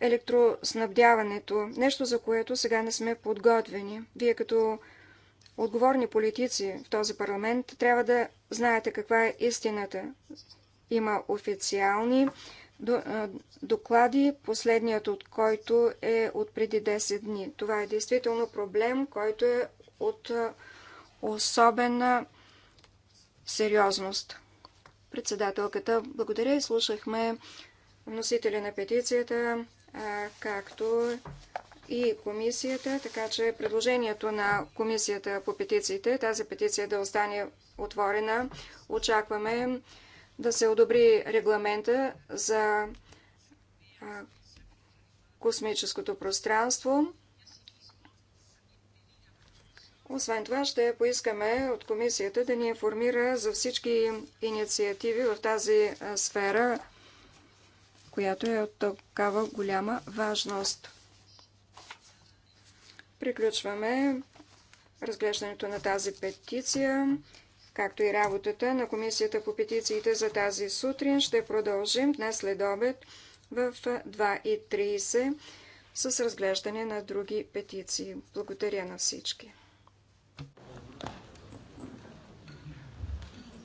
електроснабдяването, нещо за което сега не сме подготвени. Вие като отговорни политици в този парламент трябва да знаете каква е истината. Има официални доклади, последният от който е от преди 10 дни. Това е действително проблем, който е от е, особена сериозност. Председателката, благодаря и слушахме вносителя на петицията, е, както и комисията, така че предложението на комисията по петициите, тази петиция да остане отворена. Очакваме да се одобри регламента за е, космическото пространство. Освен това, ще поискаме от комисията да ни информира за всички инициативи в тази сфера, която е от такава голяма важност. Приключваме разглеждането на тази петиция, както и работата на Комисията по петициите за тази сутрин. Ще продължим днес след обед в 2.30 с разглеждане на други петиции. Благодаря на всички.